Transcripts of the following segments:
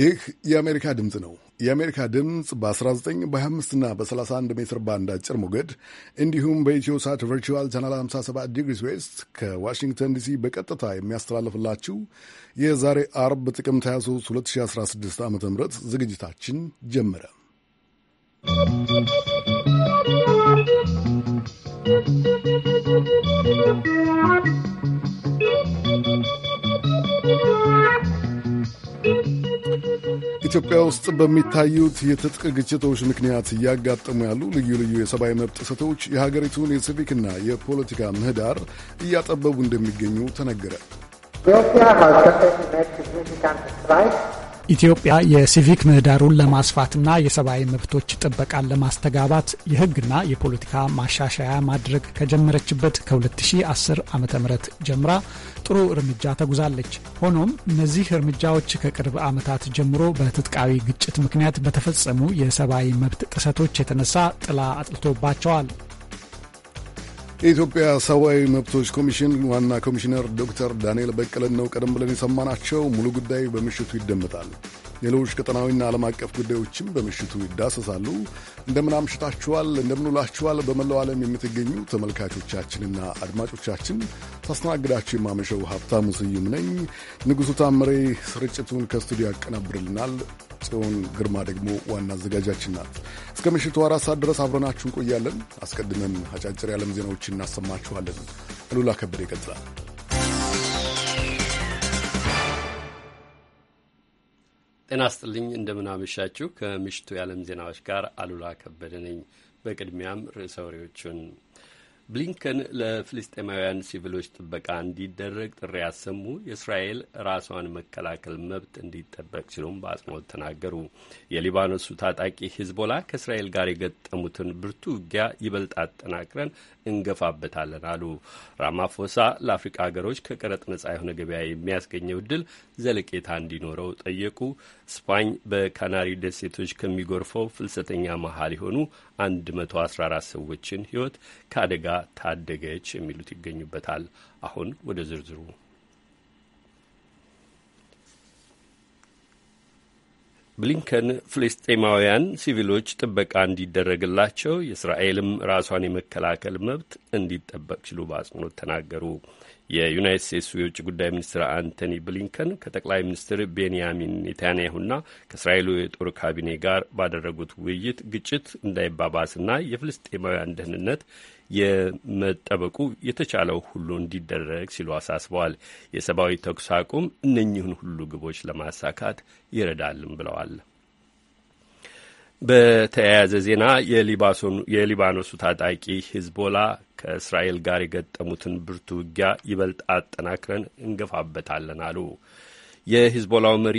ይህ የአሜሪካ ድምፅ ነው። የአሜሪካ ድምፅ በ19 በ25 እና በ31 ሜትር ባንድ አጭር ሞገድ እንዲሁም በኢትዮ ሳት ቨርቹዋል ቻናል 57 ዲግሪስ ዌስት ከዋሽንግተን ዲሲ በቀጥታ የሚያስተላልፍላችሁ የዛሬ አርብ ጥቅምት 23 2016 ዓ ም ዝግጅታችን ጀመረ። ኢትዮጵያ ውስጥ በሚታዩት የትጥቅ ግጭቶች ምክንያት እያጋጠሙ ያሉ ልዩ ልዩ የሰብአዊ መብት ጥሰቶች የሀገሪቱን የሲቪክና የፖለቲካ ምህዳር እያጠበቡ እንደሚገኙ ተነገረ። ኢትዮጵያ የሲቪክ ምህዳሩን ለማስፋትና የሰብአዊ መብቶች ጥበቃን ለማስተጋባት የህግና የፖለቲካ ማሻሻያ ማድረግ ከጀመረችበት ከ2010 ዓ ም ጀምራ ጥሩ እርምጃ ተጉዛለች። ሆኖም እነዚህ እርምጃዎች ከቅርብ ዓመታት ጀምሮ በትጥቃዊ ግጭት ምክንያት በተፈጸሙ የሰብአዊ መብት ጥሰቶች የተነሳ ጥላ አጥልቶባቸዋል። የኢትዮጵያ ሰብአዊ መብቶች ኮሚሽን ዋና ኮሚሽነር ዶክተር ዳንኤል በቀለን ነው ቀደም ብለን የሰማናቸው። ሙሉ ጉዳይ በምሽቱ ይደመጣል። ሌሎች ቀጠናዊና ዓለም አቀፍ ጉዳዮችም በምሽቱ ይዳሰሳሉ። እንደምን አምሽታችኋል፣ እንደምንውላችኋል። በመላው ዓለም የምትገኙ ተመልካቾቻችንና አድማጮቻችን ታስተናግዳችሁ የማመሸው ሀብታሙ ስዩም ነኝ። ንጉሡ ታምሬ ስርጭቱን ከስቱዲዮ ያቀናብርልናል። ጽዮን ግርማ ደግሞ ዋና አዘጋጃችን ናት። እስከ ምሽቱ አራት ሰዓት ድረስ አብረናችሁ እንቆያለን። አስቀድመን አጫጭር የዓለም ዜናዎችን እናሰማችኋለን። አሉላ ከበደ ይቀጥላል። ጤና ስጥልኝ፣ እንደምናመሻችሁ። ከምሽቱ የዓለም ዜናዎች ጋር አሉላ ከበደ ነኝ። በቅድሚያም ርዕሰ ወሬዎቹን ብሊንከን ለፍልስጤማውያን ሲቪሎች ጥበቃ እንዲደረግ ጥሪ ያሰሙ፣ የእስራኤል ራሷን መከላከል መብት እንዲጠበቅ ሲሉም በአጽንኦት ተናገሩ። የሊባኖሱ ታጣቂ ሂዝቦላ ከእስራኤል ጋር የገጠሙትን ብርቱ ውጊያ ይበልጥ አጠናክረን እንገፋበታለን አሉ። ራማፎሳ ለአፍሪቃ ሀገሮች ከቀረጥ ነጻ የሆነ ገበያ የሚያስገኘው እድል ዘለቄታ እንዲኖረው ጠየቁ። ስፓኝ በካናሪ ደሴቶች ከሚጎርፈው ፍልሰተኛ መሀል የሆኑ 114 ሰዎችን ህይወት ከአደጋ ታደገች የሚሉት ይገኙበታል። አሁን ወደ ዝርዝሩ ብሊንከን ፍልስጤማውያን ሲቪሎች ጥበቃ እንዲደረግላቸው የእስራኤልም ራሷን የመከላከል መብት እንዲጠበቅ ሲሉ በአጽንኦት ተናገሩ። የዩናይት ስቴትሱ የውጭ ጉዳይ ሚኒስትር አንቶኒ ብሊንከን ከጠቅላይ ሚኒስትር ቤንያሚን ኔታንያሁና ከእስራኤሉ የጦር ካቢኔ ጋር ባደረጉት ውይይት ግጭት እንዳይባባስና የፍልስጤማውያን ደህንነት የመጠበቁ የተቻለው ሁሉ እንዲደረግ ሲሉ አሳስበዋል። የሰብአዊ ተኩስ አቁም እነኚህን ሁሉ ግቦች ለማሳካት ይረዳልም ብለዋል። በተያያዘ ዜና የሊባኖሱ ታጣቂ ሂዝቦላ ከእስራኤል ጋር የገጠሙትን ብርቱ ውጊያ ይበልጥ አጠናክረን እንገፋበታለን አሉ። የሂዝቦላው መሪ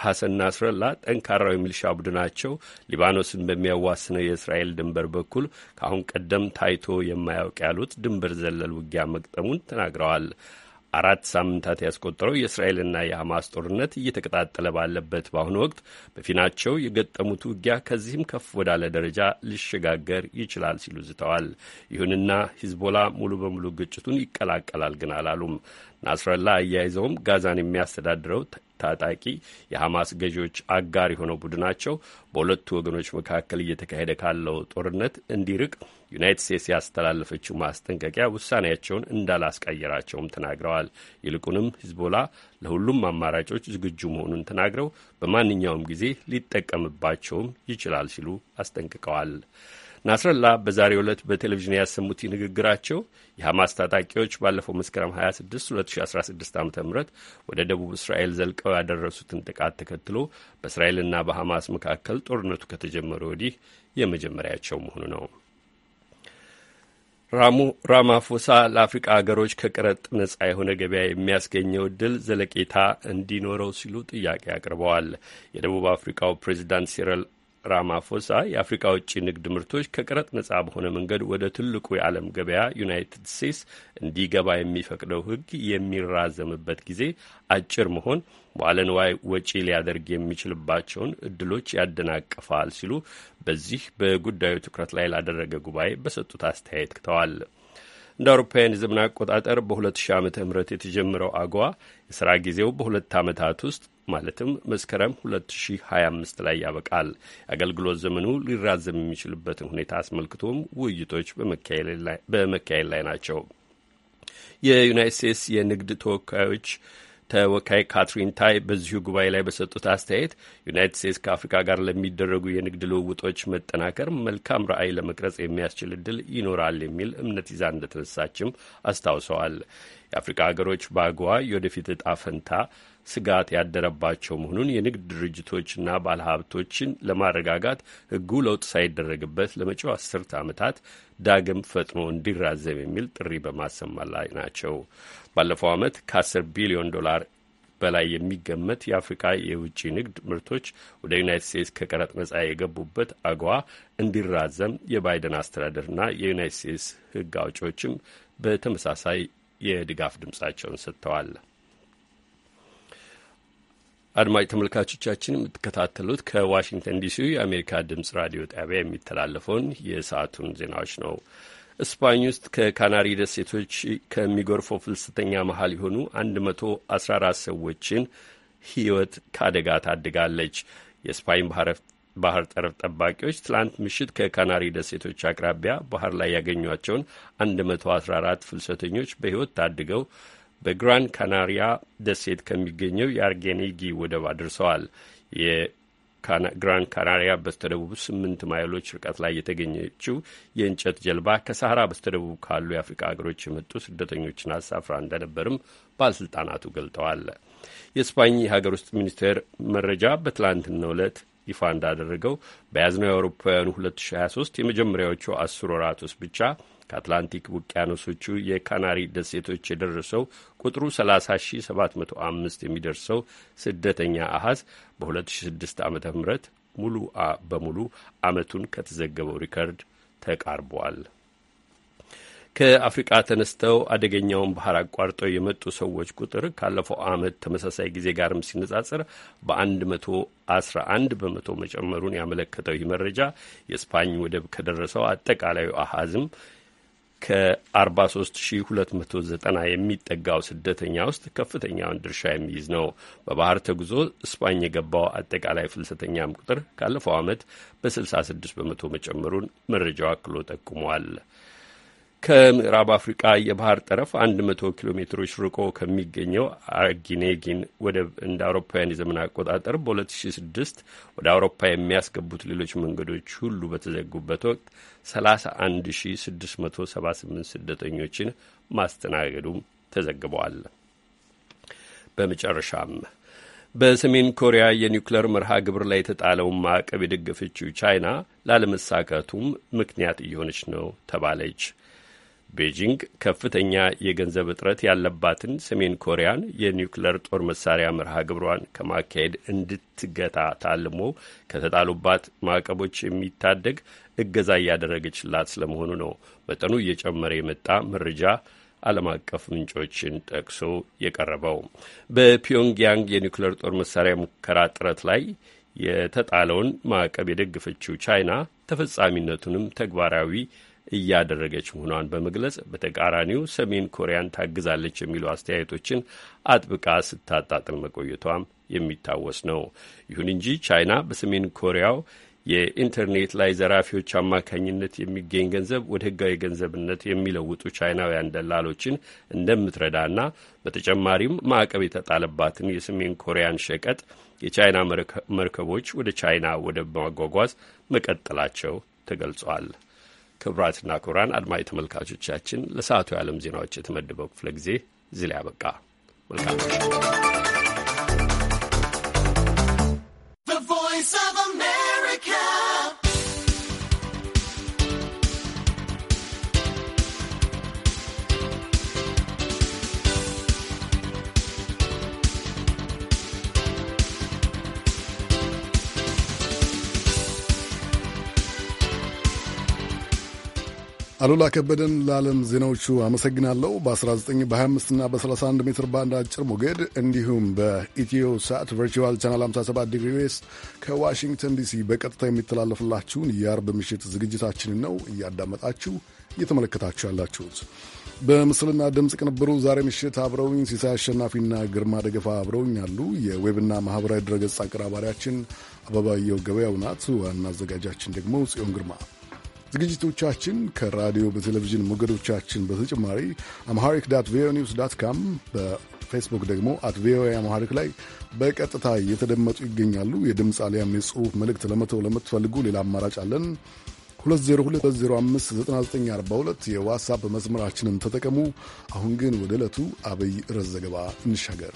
ሐሰን ናስረላ ጠንካራው የሚልሻ ቡድናቸው ሊባኖስን በሚያዋስነው የእስራኤል ድንበር በኩል ከአሁን ቀደም ታይቶ የማያውቅ ያሉት ድንበር ዘለል ውጊያ መግጠሙን ተናግረዋል። አራት ሳምንታት ያስቆጠረው የእስራኤልና የሐማስ ጦርነት እየተቀጣጠለ ባለበት በአሁኑ ወቅት በፊናቸው የገጠሙት ውጊያ ከዚህም ከፍ ወዳለ ደረጃ ሊሸጋገር ይችላል ሲሉ ዝተዋል። ይሁንና ሂዝቦላ ሙሉ በሙሉ ግጭቱን ይቀላቀላል ግን አላሉም። ናስረላ አያይዘውም ጋዛን የሚያስተዳድረው ታጣቂ የሐማስ ገዢዎች አጋር የሆነው ቡድናቸው በሁለቱ ወገኖች መካከል እየተካሄደ ካለው ጦርነት እንዲርቅ ዩናይትድ ስቴትስ ያስተላለፈችው ማስጠንቀቂያ ውሳኔያቸውን እንዳላስቀየራቸውም ተናግረዋል። ይልቁንም ሂዝቦላ ለሁሉም አማራጮች ዝግጁ መሆኑን ተናግረው በማንኛውም ጊዜ ሊጠቀምባቸውም ይችላል ሲሉ አስጠንቅቀዋል። ናስረላ በዛሬው ዕለት በቴሌቪዥን ያሰሙት ንግግራቸው የሐማስ ታጣቂዎች ባለፈው መስከረም 26 2016 ዓ ም ወደ ደቡብ እስራኤል ዘልቀው ያደረሱትን ጥቃት ተከትሎ በእስራኤልና በሐማስ መካከል ጦርነቱ ከተጀመረ ወዲህ የመጀመሪያቸው መሆኑ ነው። ራማፎሳ ለአፍሪቃ ሀገሮች ከቀረጥ ነጻ የሆነ ገበያ የሚያስገኘው እድል ዘለቄታ እንዲኖረው ሲሉ ጥያቄ አቅርበዋል። የደቡብ አፍሪካው ፕሬዚዳንት ሲረል ራማፎሳ የአፍሪካ ውጭ ንግድ ምርቶች ከቀረጥ ነጻ በሆነ መንገድ ወደ ትልቁ የዓለም ገበያ ዩናይትድ ስቴትስ እንዲገባ የሚፈቅደው ሕግ የሚራዘምበት ጊዜ አጭር መሆን መዋለ ንዋይ ወጪ ሊያደርግ የሚችልባቸውን እድሎች ያደናቅፋል ሲሉ በዚህ በጉዳዩ ትኩረት ላይ ላደረገ ጉባኤ በሰጡት አስተያየት ክተዋል። እንደ አውሮፓውያን የዘመን አቆጣጠር በ2000 ዓ ም የተጀመረው አጓ የሥራ ጊዜው በሁለት ዓመታት ውስጥ ማለትም መስከረም 2025 ላይ ያበቃል። የአገልግሎት ዘመኑ ሊራዘም የሚችልበትን ሁኔታ አስመልክቶም ውይይቶች በመካሄድ ላይ ናቸው። የዩናይት ስቴትስ የንግድ ተወካዮች ተወካይ ካትሪን ታይ በዚሁ ጉባኤ ላይ በሰጡት አስተያየት ዩናይትድ ስቴትስ ከአፍሪካ ጋር ለሚደረጉ የንግድ ልውውጦች መጠናከር መልካም ራዕይ ለመቅረጽ የሚያስችል እድል ይኖራል የሚል እምነት ይዛ እንደተነሳችም አስታውሰዋል። የአፍሪካ ሀገሮች በአገዋ የወደፊት እጣ ፈንታ ስጋት ያደረባቸው መሆኑን የንግድ ድርጅቶችና ባለሀብቶችን ለማረጋጋት ሕጉ ለውጥ ሳይደረግበት ለመጪው አስርተ ዓመታት ዳግም ፈጥኖ እንዲራዘም የሚል ጥሪ በማሰማ ላይ ናቸው። ባለፈው ዓመት ከ10 ቢሊዮን ዶላር በላይ የሚገመት የአፍሪካ የውጭ ንግድ ምርቶች ወደ ዩናይትድ ስቴትስ ከቀረጥ ነጻ የገቡበት አግዋ እንዲራዘም የባይደን አስተዳደርና የዩናይትድ ስቴትስ ሕግ አውጪዎችም በተመሳሳይ የድጋፍ ድምጻቸውን ሰጥተዋል። አድማጭ ተመልካቾቻችን የምትከታተሉት ከዋሽንግተን ዲሲ የአሜሪካ ድምፅ ራዲዮ ጣቢያ የሚተላለፈውን የሰዓቱን ዜናዎች ነው። እስፓኝ ውስጥ ከካናሪ ደሴቶች ከሚጎርፈው ፍልሰተኛ መሀል የሆኑ 114 ሰዎችን ሕይወት ከአደጋ ታድጋለች። የስፓኝ ባህር ጠረፍ ጠባቂዎች ትላንት ምሽት ከካናሪ ደሴቶች አቅራቢያ ባህር ላይ ያገኟቸውን 114 ፍልሰተኞች በሕይወት ታድገው በግራን ካናሪያ ደሴት ከሚገኘው የአርጌኔጊ ወደብ አድርሰዋል። ግራን ካናሪያ በስተደቡብ ስምንት ማይሎች ርቀት ላይ የተገኘችው የእንጨት ጀልባ ከሳህራ በስተደቡብ ካሉ የአፍሪካ ሀገሮች የመጡ ስደተኞችን አሳፍራ እንደነበርም ባለስልጣናቱ ገልጠዋል። የስፓኝ የሀገር ውስጥ ሚኒስቴር መረጃ በትላንትናው ዕለት ይፋ እንዳደረገው በያዝነው የአውሮፓውያኑ 2023 የመጀመሪያዎቹ አስር ወራት ውስጥ ብቻ ከአትላንቲክ ውቅያኖሶቹ የካናሪ ደሴቶች የደረሰው ቁጥሩ 30705 የሚደርሰው ስደተኛ አሃዝ በ2006 ዓ ም ሙሉ በሙሉ አመቱን ከተዘገበው ሪከርድ ተቃርቧል። ከአፍሪቃ ተነስተው አደገኛውን ባህር አቋርጠው የመጡ ሰዎች ቁጥር ካለፈው አመት ተመሳሳይ ጊዜ ጋርም ሲነጻጽር በ111 በመቶ መጨመሩን ያመለከተው ይህ መረጃ የስፓኝ ወደብ ከደረሰው አጠቃላዩ አሃዝም ከ43290 የሚጠጋው ስደተኛ ውስጥ ከፍተኛውን ድርሻ የሚይዝ ነው። በባህር ተጉዞ ስፓኝ የገባው አጠቃላይ ፍልሰተኛም ቁጥር ካለፈው ዓመት በ66 በመቶ መጨመሩን መረጃው አክሎ ጠቁሟል። ከምዕራብ አፍሪቃ የባህር ጠረፍ 100 ኪሎ ሜትሮች ርቆ ከሚገኘው አርጊኔጊን ወደብ እንደ አውሮፓውያን የዘመን አቆጣጠር በ2006 ወደ አውሮፓ የሚያስገቡት ሌሎች መንገዶች ሁሉ በተዘጉበት ወቅት 31678 ስደተኞችን ማስተናገዱም ተዘግበዋል። በመጨረሻም በሰሜን ኮሪያ የኒውክሌር መርሃ ግብር ላይ የተጣለውን ማዕቀብ የደገፈችው ቻይና ላለመሳካቱም ምክንያት እየሆነች ነው ተባለች። ቤጂንግ ከፍተኛ የገንዘብ እጥረት ያለባትን ሰሜን ኮሪያን የኒውክለር ጦር መሳሪያ መርሃ ግብሯን ከማካሄድ እንድትገታ ታልሞ ከተጣሉባት ማዕቀቦች የሚታደግ እገዛ እያደረገችላት ስለመሆኑ ነው መጠኑ እየጨመረ የመጣ መረጃ ዓለም አቀፍ ምንጮችን ጠቅሶ የቀረበው። በፒዮንግያንግ የኒውክለር ጦር መሳሪያ ሙከራ ጥረት ላይ የተጣለውን ማዕቀብ የደገፈችው ቻይና ተፈጻሚነቱንም ተግባራዊ እያደረገች መሆኗን በመግለጽ በተቃራኒው ሰሜን ኮሪያን ታግዛለች የሚሉ አስተያየቶችን አጥብቃ ስታጣጥል መቆየቷም የሚታወስ ነው። ይሁን እንጂ ቻይና በሰሜን ኮሪያው የኢንተርኔት ላይ ዘራፊዎች አማካኝነት የሚገኝ ገንዘብ ወደ ህጋዊ ገንዘብነት የሚለውጡ ቻይናውያን ደላሎችን እንደምትረዳና በተጨማሪም ማዕቀብ የተጣለባትን የሰሜን ኮሪያን ሸቀጥ የቻይና መርከቦች ወደ ቻይና ወደብ ማጓጓዝ መቀጠላቸው ተገልጿል። ክቡራትና ክቡራን አድማጭ ተመልካቾቻችን ለሰዓቱ የዓለም ዜናዎች የተመደበው ክፍለ ጊዜ እዚህ ላይ አበቃ። መልካም አሉላ ከበደን ለዓለም ዜናዎቹ አመሰግናለሁ። በ19 በ25 እና በ31 ሜትር ባንድ አጭር ሞገድ እንዲሁም በኢትዮ ሳት ቨርቹዋል ቻናል 57 ዲግሪ ዌስት ከዋሽንግተን ዲሲ በቀጥታ የሚተላለፍላችሁን የአርብ ምሽት ዝግጅታችንን ነው እያዳመጣችሁ እየተመለከታችሁ ያላችሁት። በምስልና ድምፅ ቅንብሩ ዛሬ ምሽት አብረውኝ ሲሳይ አሸናፊና ግርማ ደገፋ አብረውኝ አሉ። የዌብና ማኅበራዊ ድረገጽ አቀራባሪያችን አበባየው ገበያው ናት። ዋና አዘጋጃችን ደግሞ ጽዮን ግርማ ዝግጅቶቻችን ከራዲዮ በቴሌቪዥን ሞገዶቻችን በተጨማሪ አምሃሪክ ዳት ቪኦኤ ኒውስ ዳት ካም በፌስቡክ ደግሞ አት ቪኦኤ አምሃሪክ ላይ በቀጥታ እየተደመጡ ይገኛሉ። የድምፅ አሊያም የጽሁፍ መልእክት ለመተው ለምትፈልጉ ሌላ አማራጭ አለን። 2022059942 የዋትሳፕ መስመራችንን ተጠቀሙ። አሁን ግን ወደ ዕለቱ አብይ ርዕስ ዘገባ እንሻገር።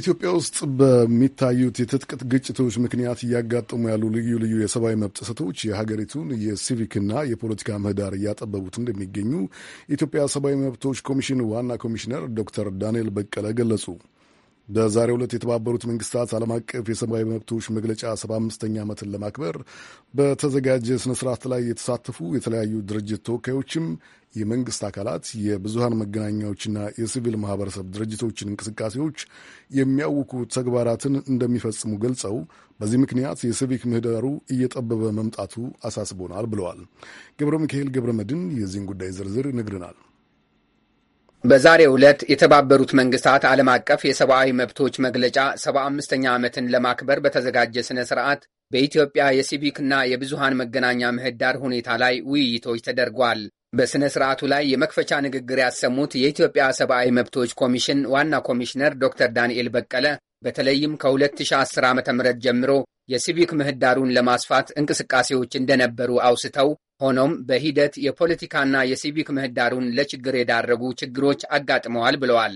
ኢትዮጵያ ውስጥ በሚታዩት የትጥቅት ግጭቶች ምክንያት እያጋጠሙ ያሉ ልዩ ልዩ የሰብአዊ መብት ጥሰቶች የሀገሪቱን የሲቪክና የፖለቲካ ምህዳር እያጠበቡት እንደሚገኙ የኢትዮጵያ ሰብአዊ መብቶች ኮሚሽን ዋና ኮሚሽነር ዶክተር ዳንኤል በቀለ ገለጹ። በዛሬው ዕለት የተባበሩት መንግስታት ዓለም አቀፍ የሰብአዊ መብቶች መግለጫ 75ኛ ዓመትን ለማክበር በተዘጋጀ ስነ ስርዓት ላይ የተሳተፉ የተለያዩ ድርጅት ተወካዮችም የመንግስት አካላት የብዙሃን መገናኛዎችና የሲቪል ማህበረሰብ ድርጅቶችን እንቅስቃሴዎች የሚያውኩ ተግባራትን እንደሚፈጽሙ ገልጸው በዚህ ምክንያት የሲቪክ ምህዳሩ እየጠበበ መምጣቱ አሳስቦናል ብለዋል። ገብረ ሚካኤል ገብረ መድን የዚህን ጉዳይ ዝርዝር ይነግርናል። በዛሬ ዕለት የተባበሩት መንግስታት ዓለም አቀፍ የሰብአዊ መብቶች መግለጫ 75ኛ ዓመትን ለማክበር በተዘጋጀ ሥነ ሥርዓት በኢትዮጵያ የሲቪክና የብዙሃን መገናኛ ምህዳር ሁኔታ ላይ ውይይቶች ተደርጓል። በሥነ ሥርዓቱ ላይ የመክፈቻ ንግግር ያሰሙት የኢትዮጵያ ሰብአዊ መብቶች ኮሚሽን ዋና ኮሚሽነር ዶክተር ዳንኤል በቀለ በተለይም ከ2010 ዓ ም ጀምሮ የሲቪክ ምህዳሩን ለማስፋት እንቅስቃሴዎች እንደነበሩ አውስተው ሆኖም በሂደት የፖለቲካና የሲቪክ ምህዳሩን ለችግር የዳረጉ ችግሮች አጋጥመዋል ብለዋል።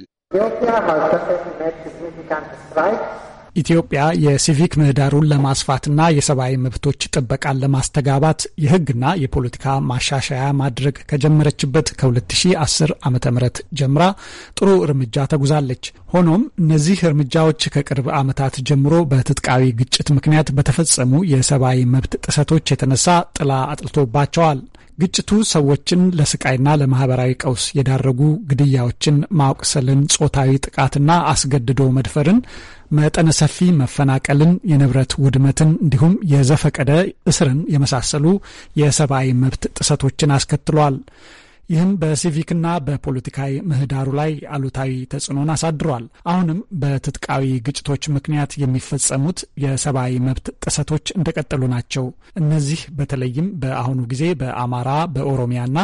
ኢትዮጵያ የሲቪክ ምህዳሩን ለማስፋትና የሰብአዊ መብቶች ጥበቃን ለማስተጋባት የህግና የፖለቲካ ማሻሻያ ማድረግ ከጀመረችበት ከ2010 ዓ ም ጀምራ ጥሩ እርምጃ ተጉዛለች። ሆኖም እነዚህ እርምጃዎች ከቅርብ ዓመታት ጀምሮ በትጥቃዊ ግጭት ምክንያት በተፈጸሙ የሰብአዊ መብት ጥሰቶች የተነሳ ጥላ አጥልቶባቸዋል። ግጭቱ ሰዎችን ለስቃይና ለማህበራዊ ቀውስ የዳረጉ ግድያዎችን፣ ማቁሰልን፣ ጾታዊ ጥቃትና አስገድዶ መድፈርን፣ መጠነ ሰፊ መፈናቀልን፣ የንብረት ውድመትን እንዲሁም የዘፈቀደ እስርን የመሳሰሉ የሰብአዊ መብት ጥሰቶችን አስከትሏል። ይህም በሲቪክና በፖለቲካዊ ምህዳሩ ላይ አሉታዊ ተጽዕኖን አሳድሯል። አሁንም በትጥቃዊ ግጭቶች ምክንያት የሚፈጸሙት የሰብአዊ መብት ጥሰቶች እንደቀጠሉ ናቸው። እነዚህ በተለይም በአሁኑ ጊዜ በአማራ በኦሮሚያና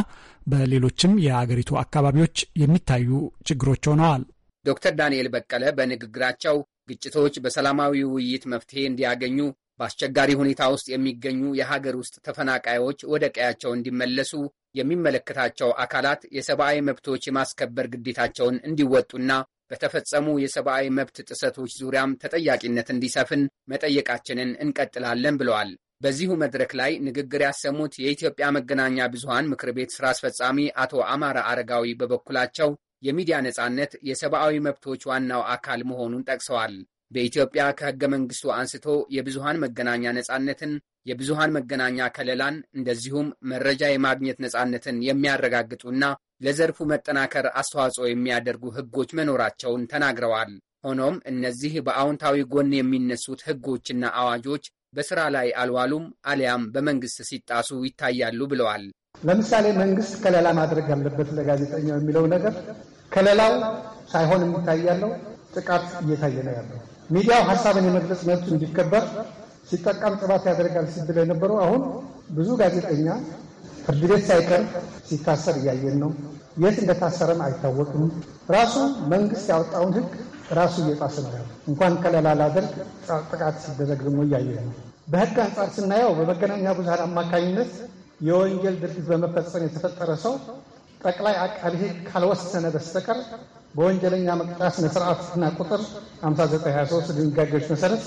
በሌሎችም የአገሪቱ አካባቢዎች የሚታዩ ችግሮች ሆነዋል። ዶክተር ዳንኤል በቀለ በንግግራቸው ግጭቶች በሰላማዊ ውይይት መፍትሄ እንዲያገኙ በአስቸጋሪ ሁኔታ ውስጥ የሚገኙ የሀገር ውስጥ ተፈናቃዮች ወደ ቀያቸው እንዲመለሱ የሚመለከታቸው አካላት የሰብአዊ መብቶች የማስከበር ግዴታቸውን እንዲወጡና በተፈጸሙ የሰብአዊ መብት ጥሰቶች ዙሪያም ተጠያቂነት እንዲሰፍን መጠየቃችንን እንቀጥላለን ብለዋል። በዚሁ መድረክ ላይ ንግግር ያሰሙት የኢትዮጵያ መገናኛ ብዙሃን ምክር ቤት ስራ አስፈጻሚ አቶ አማረ አረጋዊ በበኩላቸው የሚዲያ ነጻነት የሰብአዊ መብቶች ዋናው አካል መሆኑን ጠቅሰዋል። በኢትዮጵያ ከህገ መንግስቱ አንስቶ የብዙሃን መገናኛ ነጻነትን፣ የብዙሃን መገናኛ ከለላን፣ እንደዚሁም መረጃ የማግኘት ነጻነትን የሚያረጋግጡና ለዘርፉ መጠናከር አስተዋጽኦ የሚያደርጉ ህጎች መኖራቸውን ተናግረዋል። ሆኖም እነዚህ በአዎንታዊ ጎን የሚነሱት ህጎችና አዋጆች በስራ ላይ አልዋሉም አሊያም በመንግስት ሲጣሱ ይታያሉ ብለዋል። ለምሳሌ መንግስት ከለላ ማድረግ ያለበት ለጋዜጠኛው የሚለው ነገር ከለላው ሳይሆን የሚታይ ያለው ጥቃት እየታየ ነው ያለው። ሚዲያው ሀሳብን የመግለጽ መብት እንዲከበር ሲጠቀም ጥባት ያደርጋል ሲብል የነበረው አሁን ብዙ ጋዜጠኛ ፍርድ ቤት ሳይቀር ሲታሰር እያየን ነው። የት እንደታሰረም አይታወቅም። ራሱ መንግስት ያወጣውን ህግ ራሱ እየጣሰ ነው ያለ እንኳን ከለላ ላደርግ ጥቃት ሲደረግ ደግሞ እያየን ነው። በህግ አንጻር ስናየው በመገናኛ ብዙሃን አማካኝነት የወንጀል ድርጊት በመፈጸም የተፈጠረ ሰው ጠቅላይ አቃቢ ህግ ካልወሰነ በስተቀር በወንጀለኛ መቅጫ ስነ ስርዓትና ቁጥር 5923 ድንጋጌዎች መሰረት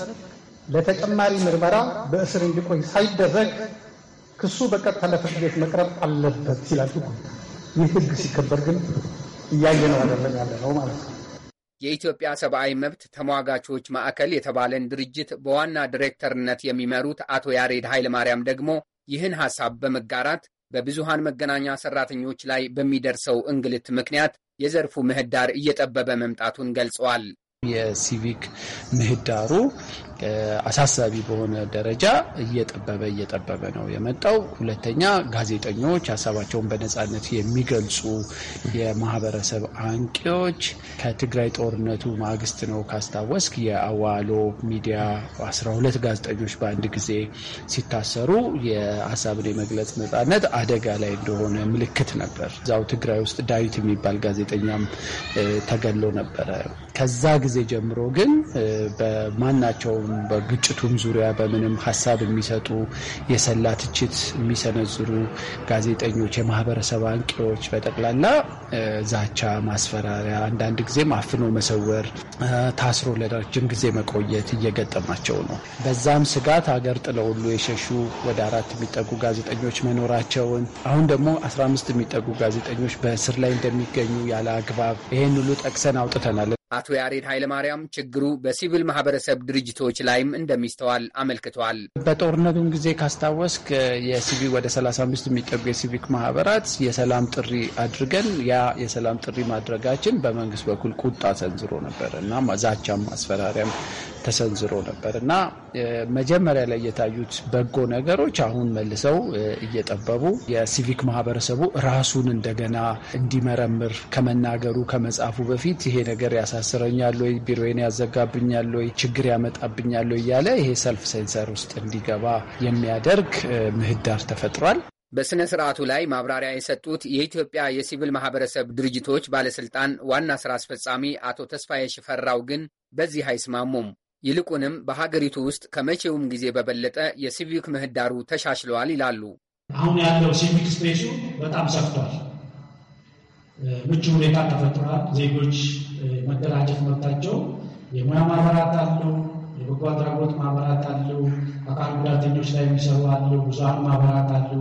ለተጨማሪ ምርመራ በእስር እንዲቆይ ሳይደረግ ክሱ በቀጥታ ለፍርድ ቤት መቅረብ አለበት ይላል ይህ ህግ ሲከበር ግን ነው አይደለም ያለ ነው ማለት ነው። የኢትዮጵያ ሰብአዊ መብት ተሟጋቾች ማዕከል የተባለን ድርጅት በዋና ዲሬክተርነት የሚመሩት አቶ ያሬድ ኃይለማርያም ደግሞ ይህን ሐሳብ በመጋራት በብዙሃን መገናኛ ሰራተኞች ላይ በሚደርሰው እንግልት ምክንያት የዘርፉ ምህዳር እየጠበበ መምጣቱን ገልጸዋል። የሲቪክ ምህዳሩ አሳሳቢ በሆነ ደረጃ እየጠበበ እየጠበበ ነው የመጣው። ሁለተኛ ጋዜጠኞች ሀሳባቸውን በነጻነት የሚገልጹ የማህበረሰብ አንቂዎች ከትግራይ ጦርነቱ ማግስት ነው ካስታወስክ የአዋሎ ሚዲያ 12 ጋዜጠኞች በአንድ ጊዜ ሲታሰሩ የሀሳብን የመግለጽ ነጻነት አደጋ ላይ እንደሆነ ምልክት ነበር። እዛው ትግራይ ውስጥ ዳዊት የሚባል ጋዜጠኛም ተገሎ ነበረ። ከዛ ጊዜ ጀምሮ ግን በማናቸውም በግጭቱም ዙሪያ በምንም ሀሳብ የሚሰጡ የሰላ ትችት የሚሰነዝሩ ጋዜጠኞች፣ የማህበረሰብ አንቂዎች በጠቅላላ ዛቻ፣ ማስፈራሪያ፣ አንዳንድ ጊዜም አፍኖ መሰወር፣ ታስሮ ለረጅም ጊዜ መቆየት እየገጠማቸው ነው። በዛም ስጋት ሀገር ጥለው ሁሉ የሸሹ ወደ አራት የሚጠጉ ጋዜጠኞች መኖራቸውን አሁን ደግሞ 15 የሚጠጉ ጋዜጠኞች በእስር ላይ እንደሚገኙ ያለ አግባብ ይህን ሁሉ ጠቅሰን አውጥተናል። አቶ ያሬድ ኃይለማርያም ችግሩ በሲቪል ማህበረሰብ ድርጅቶች ላይም እንደሚስተዋል አመልክተዋል። በጦርነቱም ጊዜ ካስታወስክ የሲቪል ወደ 35 የሚጠጉ የሲቪክ ማህበራት የሰላም ጥሪ አድርገን ያ የሰላም ጥሪ ማድረጋችን በመንግስት በኩል ቁጣ ሰንዝሮ ነበር እና ዛቻም ማስፈራሪያም ተሰንዝሮ ነበር እና መጀመሪያ ላይ የታዩት በጎ ነገሮች አሁን መልሰው እየጠበቡ የሲቪክ ማህበረሰቡ ራሱን እንደገና እንዲመረምር ከመናገሩ ከመጻፉ በፊት ይሄ ነገር ያሳስረኛል ወይ፣ ቢሮዬን ያዘጋብኛል ወይ፣ ችግር ያመጣብኛል ወይ እያለ ይሄ ሰልፍ ሴንሰር ውስጥ እንዲገባ የሚያደርግ ምህዳር ተፈጥሯል። በሥነ ሥርዓቱ ላይ ማብራሪያ የሰጡት የኢትዮጵያ የሲቪል ማህበረሰብ ድርጅቶች ባለሥልጣን ዋና ሥራ አስፈጻሚ አቶ ተስፋዬ ሽፈራው ግን በዚህ አይስማሙም። ይልቁንም በሀገሪቱ ውስጥ ከመቼውም ጊዜ በበለጠ የሲቪክ ምህዳሩ ተሻሽለዋል ይላሉ። አሁን ያለው ሲቪክ ስፔሱ በጣም ሰፍቷል። ምቹ ሁኔታ ተፈጥሯል። ዜጎች መደራጀት መብታቸው የሙያ ማህበራት አሉ፣ የበጎ አድራጎት ማህበራት አሉ፣ አካል ጉዳተኞች ላይ የሚሰሩ አሉ፣ ብዙሀን ማህበራት አሉ፣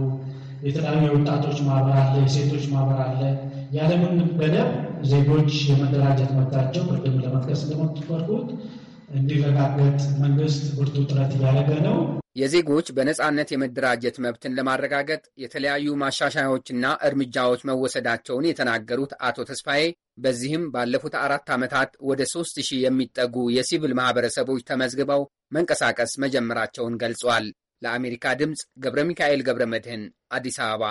የተለያዩ የወጣቶች ማህበር አለ፣ የሴቶች ማህበር አለ። ያለምን ገደብ ዜጎች የመደራጀት መብታቸው ቅድም ለመጥቀስ እንደሞከርኩት እንዲረጋገጥ መንግስት ብርቱ ጥረት እያደረገ ነው። የዜጎች በነፃነት የመደራጀት መብትን ለማረጋገጥ የተለያዩ ማሻሻያዎችና እርምጃዎች መወሰዳቸውን የተናገሩት አቶ ተስፋዬ በዚህም ባለፉት አራት ዓመታት ወደ ሦስት ሺህ የሚጠጉ የሲቪል ማኅበረሰቦች ተመዝግበው መንቀሳቀስ መጀመራቸውን ገልጿል። ለአሜሪካ ድምፅ ገብረ ሚካኤል ገብረ መድህን አዲስ አበባ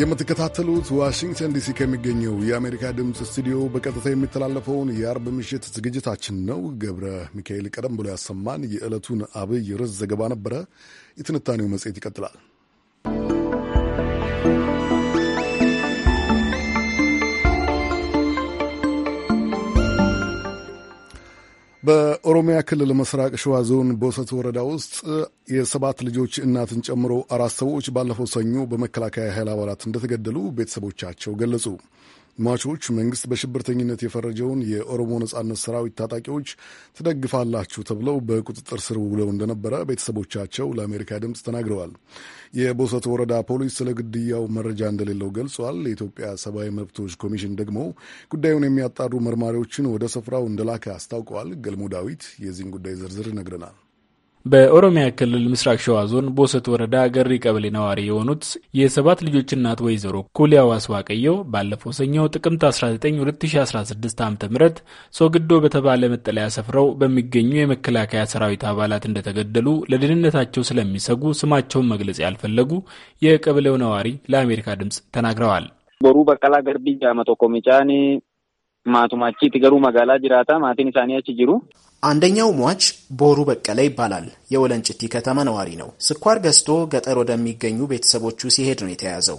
የምትከታተሉት ዋሽንግተን ዲሲ ከሚገኘው የአሜሪካ ድምፅ ስቱዲዮ በቀጥታ የሚተላለፈውን የአርብ ምሽት ዝግጅታችን ነው። ገብረ ሚካኤል ቀደም ብሎ ያሰማን የዕለቱን አብይ ርዕስ ዘገባ ነበረ። የትንታኔው መጽሔት ይቀጥላል። በኦሮሚያ ክልል ምስራቅ ሸዋ ዞን ቦሰት ወረዳ ውስጥ የሰባት ልጆች እናትን ጨምሮ አራት ሰዎች ባለፈው ሰኞ በመከላከያ ኃይል አባላት እንደተገደሉ ቤተሰቦቻቸው ገለጹ። ሟቾች መንግስት በሽብርተኝነት የፈረጀውን የኦሮሞ ነጻነት ሰራዊት ታጣቂዎች ትደግፋላችሁ ተብለው በቁጥጥር ስር ውለው እንደነበረ ቤተሰቦቻቸው ለአሜሪካ ድምፅ ተናግረዋል። የቦሰት ወረዳ ፖሊስ ስለ ግድያው መረጃ እንደሌለው ገልጿል። የኢትዮጵያ ሰብአዊ መብቶች ኮሚሽን ደግሞ ጉዳዩን የሚያጣሩ መርማሪዎችን ወደ ስፍራው እንደላከ አስታውቀዋል። ገልሞ ዳዊት የዚህን ጉዳይ ዝርዝር ይነግረናል። በኦሮሚያ ክልል ምስራቅ ሸዋ ዞን ቦሰት ወረዳ ገሪ ቀበሌ ነዋሪ የሆኑት የሰባት ልጆች እናት ወይዘሮ ኩሊያ ዋስዋቀየው ባለፈው ሰኞ ጥቅምት 19 2016 ዓ ም ሶግዶ በተባለ መጠለያ ሰፍረው በሚገኙ የመከላከያ ሰራዊት አባላት እንደተገደሉ ለደህንነታቸው ስለሚሰጉ ስማቸውን መግለጽ ያልፈለጉ የቀበሌው ነዋሪ ለአሜሪካ ድምፅ ተናግረዋል። ቦሩ በቀላ ገርቢ ጃመቶ ኮሚጫኒ ማቱማቺ ትገሩ መጋላ ጅራታ ማቲን ሳኒያች ጅሩ አንደኛው ሟች ቦሩ በቀለ ይባላል። የወለንጭቲ ከተማ ነዋሪ ነው። ስኳር ገዝቶ ገጠር ወደሚገኙ ቤተሰቦቹ ሲሄድ ነው የተያዘው።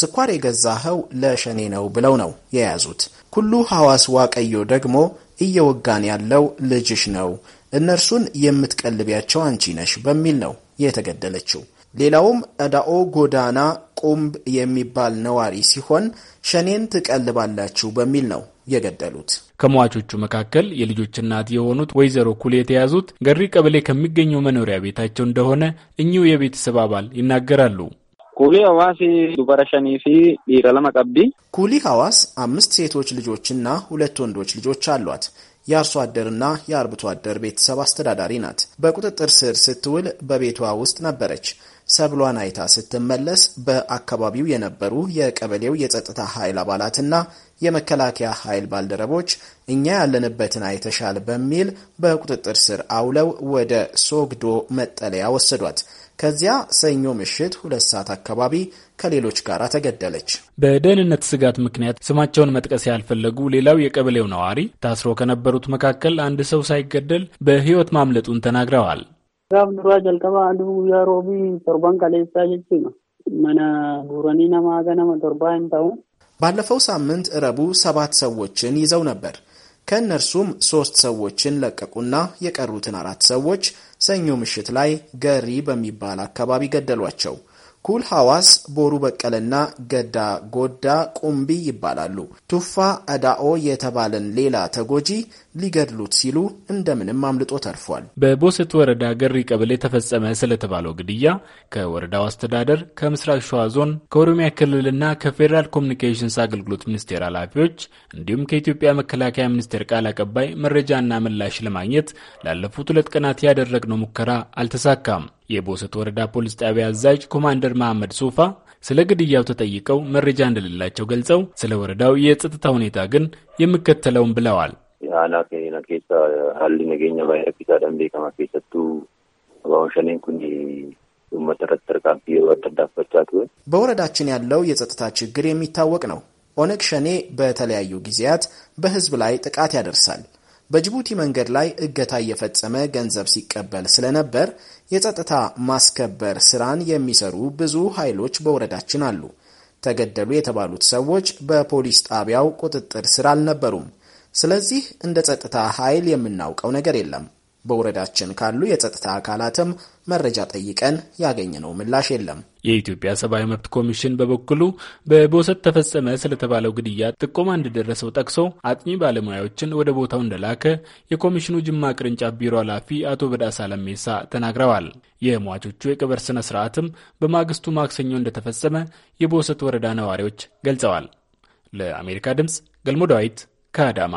ስኳር የገዛኸው ለሸኔ ነው ብለው ነው የያዙት። ኩሉ ሐዋስ ዋቀዮ ደግሞ እየወጋን ያለው ልጅሽ ነው፣ እነርሱን የምትቀልቢያቸው አንቺ ነሽ በሚል ነው የተገደለችው። ሌላውም እዳኦ ጎዳና ቁምብ የሚባል ነዋሪ ሲሆን ሸኔን ትቀልባላችሁ በሚል ነው የገደሉት። ከሟቾቹ መካከል የልጆች እናት የሆኑት ወይዘሮ ኩል የተያዙት ገሪ ቀበሌ ከሚገኘው መኖሪያ ቤታቸው እንደሆነ እኚሁ የቤተሰብ አባል ይናገራሉ። ኩሊ ሀዋስ ፊ ዲረ ኩሊ ሀዋስ አምስት ሴቶች ልጆችና ሁለት ወንዶች ልጆች አሏት። የአርሶ አደርና የአርብቶ አደር ቤተሰብ አስተዳዳሪ ናት። በቁጥጥር ስር ስትውል በቤቷ ውስጥ ነበረች። ሰብሏን አይታ ስትመለስ በአካባቢው የነበሩ የቀበሌው የጸጥታ ኃይል አባላትና የመከላከያ ኃይል ባልደረቦች እኛ ያለንበትን አይተሻል በሚል በቁጥጥር ስር አውለው ወደ ሶግዶ መጠለያ ወሰዷት። ከዚያ ሰኞ ምሽት ሁለት ሰዓት አካባቢ ከሌሎች ጋር ተገደለች። በደህንነት ስጋት ምክንያት ስማቸውን መጥቀስ ያልፈለጉ ሌላው የቀበሌው ነዋሪ ታስሮ ከነበሩት መካከል አንድ ሰው ሳይገደል በሕይወት ማምለጡን ተናግረዋል። ባለፈው ሳምንት እረቡ ሰባት ሰዎችን ይዘው ነበር። ከእነርሱም ሶስት ሰዎችን ለቀቁና የቀሩትን አራት ሰዎች ሰኞ ምሽት ላይ ገሪ በሚባል አካባቢ ገደሏቸው። ኩል ሐዋስ፣ ቦሩ በቀለና ገዳ ጎዳ ቁምቢ ይባላሉ። ቱፋ አዳኦ የተባለን ሌላ ተጎጂ ሊገድሉት ሲሉ እንደምንም አምልጦ ተርፏል። በቦሴት ወረዳ ገሪ ቀበሌ ተፈጸመ ስለተባለው ግድያ ከወረዳው አስተዳደር፣ ከምስራቅ ሸዋ ዞን፣ ከኦሮሚያ ክልልና ከፌዴራል ኮሚኒኬሽንስ አገልግሎት ሚኒስቴር ኃላፊዎች እንዲሁም ከኢትዮጵያ መከላከያ ሚኒስቴር ቃል አቀባይ መረጃና ምላሽ ለማግኘት ላለፉት ሁለት ቀናት ያደረግነው ሙከራ አልተሳካም። የቦሰት ወረዳ ፖሊስ ጣቢያ አዛዥ ኮማንደር መሐመድ ሶፋ ስለ ግድያው ተጠይቀው መረጃ እንደሌላቸው ገልጸው ስለ ወረዳው የጸጥታ ሁኔታ ግን የሚከተለውን ብለዋል። Haala keenya keessa haalli nageenya baay'ee rakkisaadhaan beekama keessattuu shaniin kun uummata irratti tarkaanfii yeroo adda addaa fudhachaa ture. በወረዳችን ያለው የጸጥታ ችግር የሚታወቅ ነው። ኦነግ ሸኔ በተለያዩ ጊዜያት በህዝብ ላይ ጥቃት ያደርሳል። በጅቡቲ መንገድ ላይ እገታ እየፈጸመ ገንዘብ ሲቀበል ስለነበር የጸጥታ ማስከበር ስራን የሚሰሩ ብዙ ኃይሎች በወረዳችን አሉ። ተገደሉ የተባሉት ሰዎች በፖሊስ ጣቢያው ቁጥጥር ስር አልነበሩም። ስለዚህ እንደ ጸጥታ ኃይል የምናውቀው ነገር የለም። በወረዳችን ካሉ የጸጥታ አካላትም መረጃ ጠይቀን ያገኘነው ምላሽ የለም። የኢትዮጵያ ሰብአዊ መብት ኮሚሽን በበኩሉ በቦሰት ተፈጸመ ስለተባለው ግድያ ጥቆማ እንደደረሰው ጠቅሶ አጥኚ ባለሙያዎችን ወደ ቦታው እንደላከ የኮሚሽኑ ጅማ ቅርንጫፍ ቢሮ ኃላፊ አቶ በዳሳ ለሜሳ ተናግረዋል። የሟቾቹ የቅበር ስነ ስርዓትም በማግስቱ ማክሰኞ እንደተፈጸመ የቦሰት ወረዳ ነዋሪዎች ገልጸዋል። ለአሜሪካ ድምፅ ገልሞ ዳዊት ከአዳማ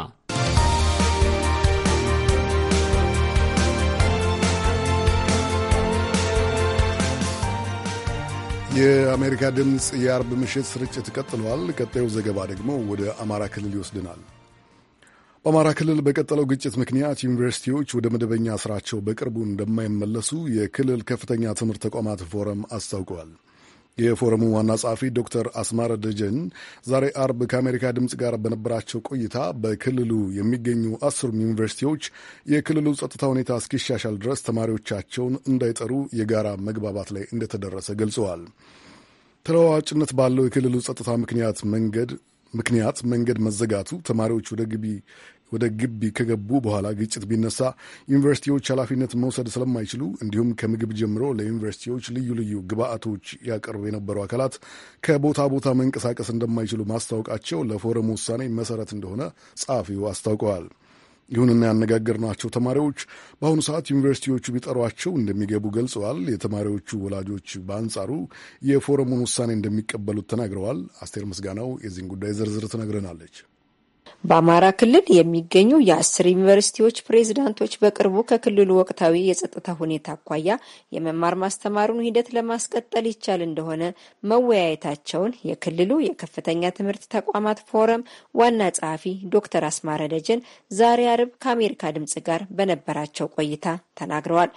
የአሜሪካ ድምፅ የአርብ ምሽት ስርጭት ቀጥሏል። ቀጣዩ ዘገባ ደግሞ ወደ አማራ ክልል ይወስድናል። በአማራ ክልል በቀጠለው ግጭት ምክንያት ዩኒቨርሲቲዎች ወደ መደበኛ ስራቸው በቅርቡ እንደማይመለሱ የክልል ከፍተኛ ትምህርት ተቋማት ፎረም አስታውቀዋል። የፎረሙ ዋና ጸሐፊ ዶክተር አስማረ ደጀን ዛሬ አርብ ከአሜሪካ ድምፅ ጋር በነበራቸው ቆይታ በክልሉ የሚገኙ አስሩም ዩኒቨርሲቲዎች የክልሉ ጸጥታ ሁኔታ እስኪሻሻል ድረስ ተማሪዎቻቸውን እንዳይጠሩ የጋራ መግባባት ላይ እንደተደረሰ ገልጸዋል። ተለዋዋጭነት ባለው የክልሉ ጸጥታ ምክንያት መንገድ ምክንያት መንገድ መዘጋቱ ተማሪዎች ወደ ግቢ ወደ ግቢ ከገቡ በኋላ ግጭት ቢነሳ ዩኒቨርሲቲዎች ኃላፊነት መውሰድ ስለማይችሉ እንዲሁም ከምግብ ጀምሮ ለዩኒቨርሲቲዎች ልዩ ልዩ ግብአቶች ያቀርቡ የነበሩ አካላት ከቦታ ቦታ መንቀሳቀስ እንደማይችሉ ማስታወቃቸው ለፎረም ውሳኔ መሰረት እንደሆነ ጸሐፊው አስታውቀዋል። ይሁንና ያነጋገርናቸው ተማሪዎች በአሁኑ ሰዓት ዩኒቨርሲቲዎቹ ቢጠሯቸው እንደሚገቡ ገልጸዋል። የተማሪዎቹ ወላጆች በአንጻሩ የፎረሙን ውሳኔ እንደሚቀበሉት ተናግረዋል። አስቴር ምስጋናው የዚህን ጉዳይ ዝርዝር ትነግረናለች። በአማራ ክልል የሚገኙ የአስር ዩኒቨርሲቲዎች ፕሬዝዳንቶች በቅርቡ ከክልሉ ወቅታዊ የጸጥታ ሁኔታ አኳያ የመማር ማስተማሩን ሂደት ለማስቀጠል ይቻል እንደሆነ መወያየታቸውን የክልሉ የከፍተኛ ትምህርት ተቋማት ፎረም ዋና ጸሐፊ ዶክተር አስማረ ደጀን ዛሬ አርብ ከአሜሪካ ድምጽ ጋር በነበራቸው ቆይታ ተናግረዋል።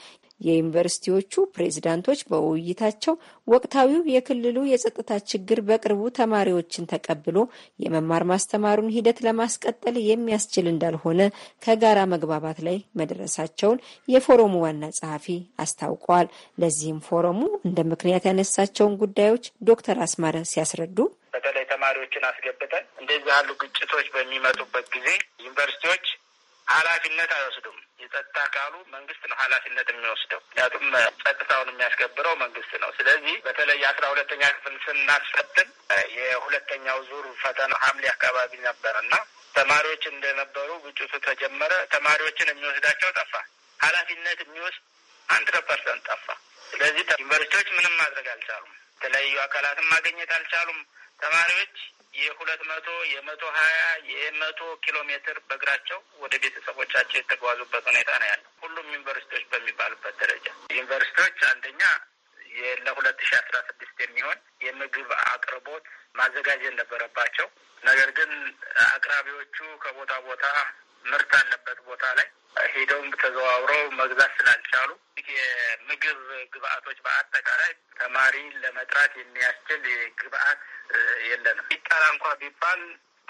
የዩኒቨርሲቲዎቹ ፕሬዝዳንቶች በውይይታቸው ወቅታዊው የክልሉ የጸጥታ ችግር በቅርቡ ተማሪዎችን ተቀብሎ የመማር ማስተማሩን ሂደት ለማስቀጠል የሚያስችል እንዳልሆነ ከጋራ መግባባት ላይ መድረሳቸውን የፎረሙ ዋና ጸሐፊ አስታውቀዋል። ለዚህም ፎረሙ እንደ ምክንያት ያነሳቸውን ጉዳዮች ዶክተር አስማረ ሲያስረዱ በተለይ ተማሪዎችን አስገብተን እንደዚህ ያሉ ግጭቶች በሚመጡበት ጊዜ ዩኒቨርሲቲዎች ኃላፊነት አይወስዱም። የጸጥታ አካሉ መንግስት ነው ኃላፊነት የሚወስደው ምክንያቱም ጸጥታውን የሚያስከብረው መንግስት ነው። ስለዚህ በተለይ አስራ ሁለተኛ ክፍል ስናስፈትን የሁለተኛው ዙር ፈተና ሐምሌ አካባቢ ነበር እና ተማሪዎች እንደነበሩ ግጭቱ ተጀመረ። ተማሪዎችን የሚወስዳቸው ጠፋ። ኃላፊነት የሚወስድ አንድ ፐርሰንት ጠፋ። ስለዚህ ዩኒቨርሲቲዎች ምንም ማድረግ አልቻሉም። የተለያዩ አካላትን ማግኘት አልቻሉም። ተማሪዎች የሁለት መቶ የመቶ ሀያ የመቶ ኪሎ ሜትር በእግራቸው ወደ ቤተሰቦቻቸው የተጓዙበት ሁኔታ ነው ያለው። ሁሉም ዩኒቨርሲቲዎች በሚባሉበት ደረጃ ዩኒቨርሲቲዎች አንደኛ ለሁለት ሺ አስራ ስድስት የሚሆን የምግብ አቅርቦት ማዘጋጀት ነበረባቸው። ነገር ግን አቅራቢዎቹ ከቦታ ቦታ ምርት አለበት ቦታ ላይ ሄደውም ተዘዋውረው መግዛት ስላልቻሉ የምግብ ግብአቶች በአጠቃላይ ተማሪ ለመጥራት የሚያስችል ግብአት የለንም። ቢጠራ እንኳ ቢባል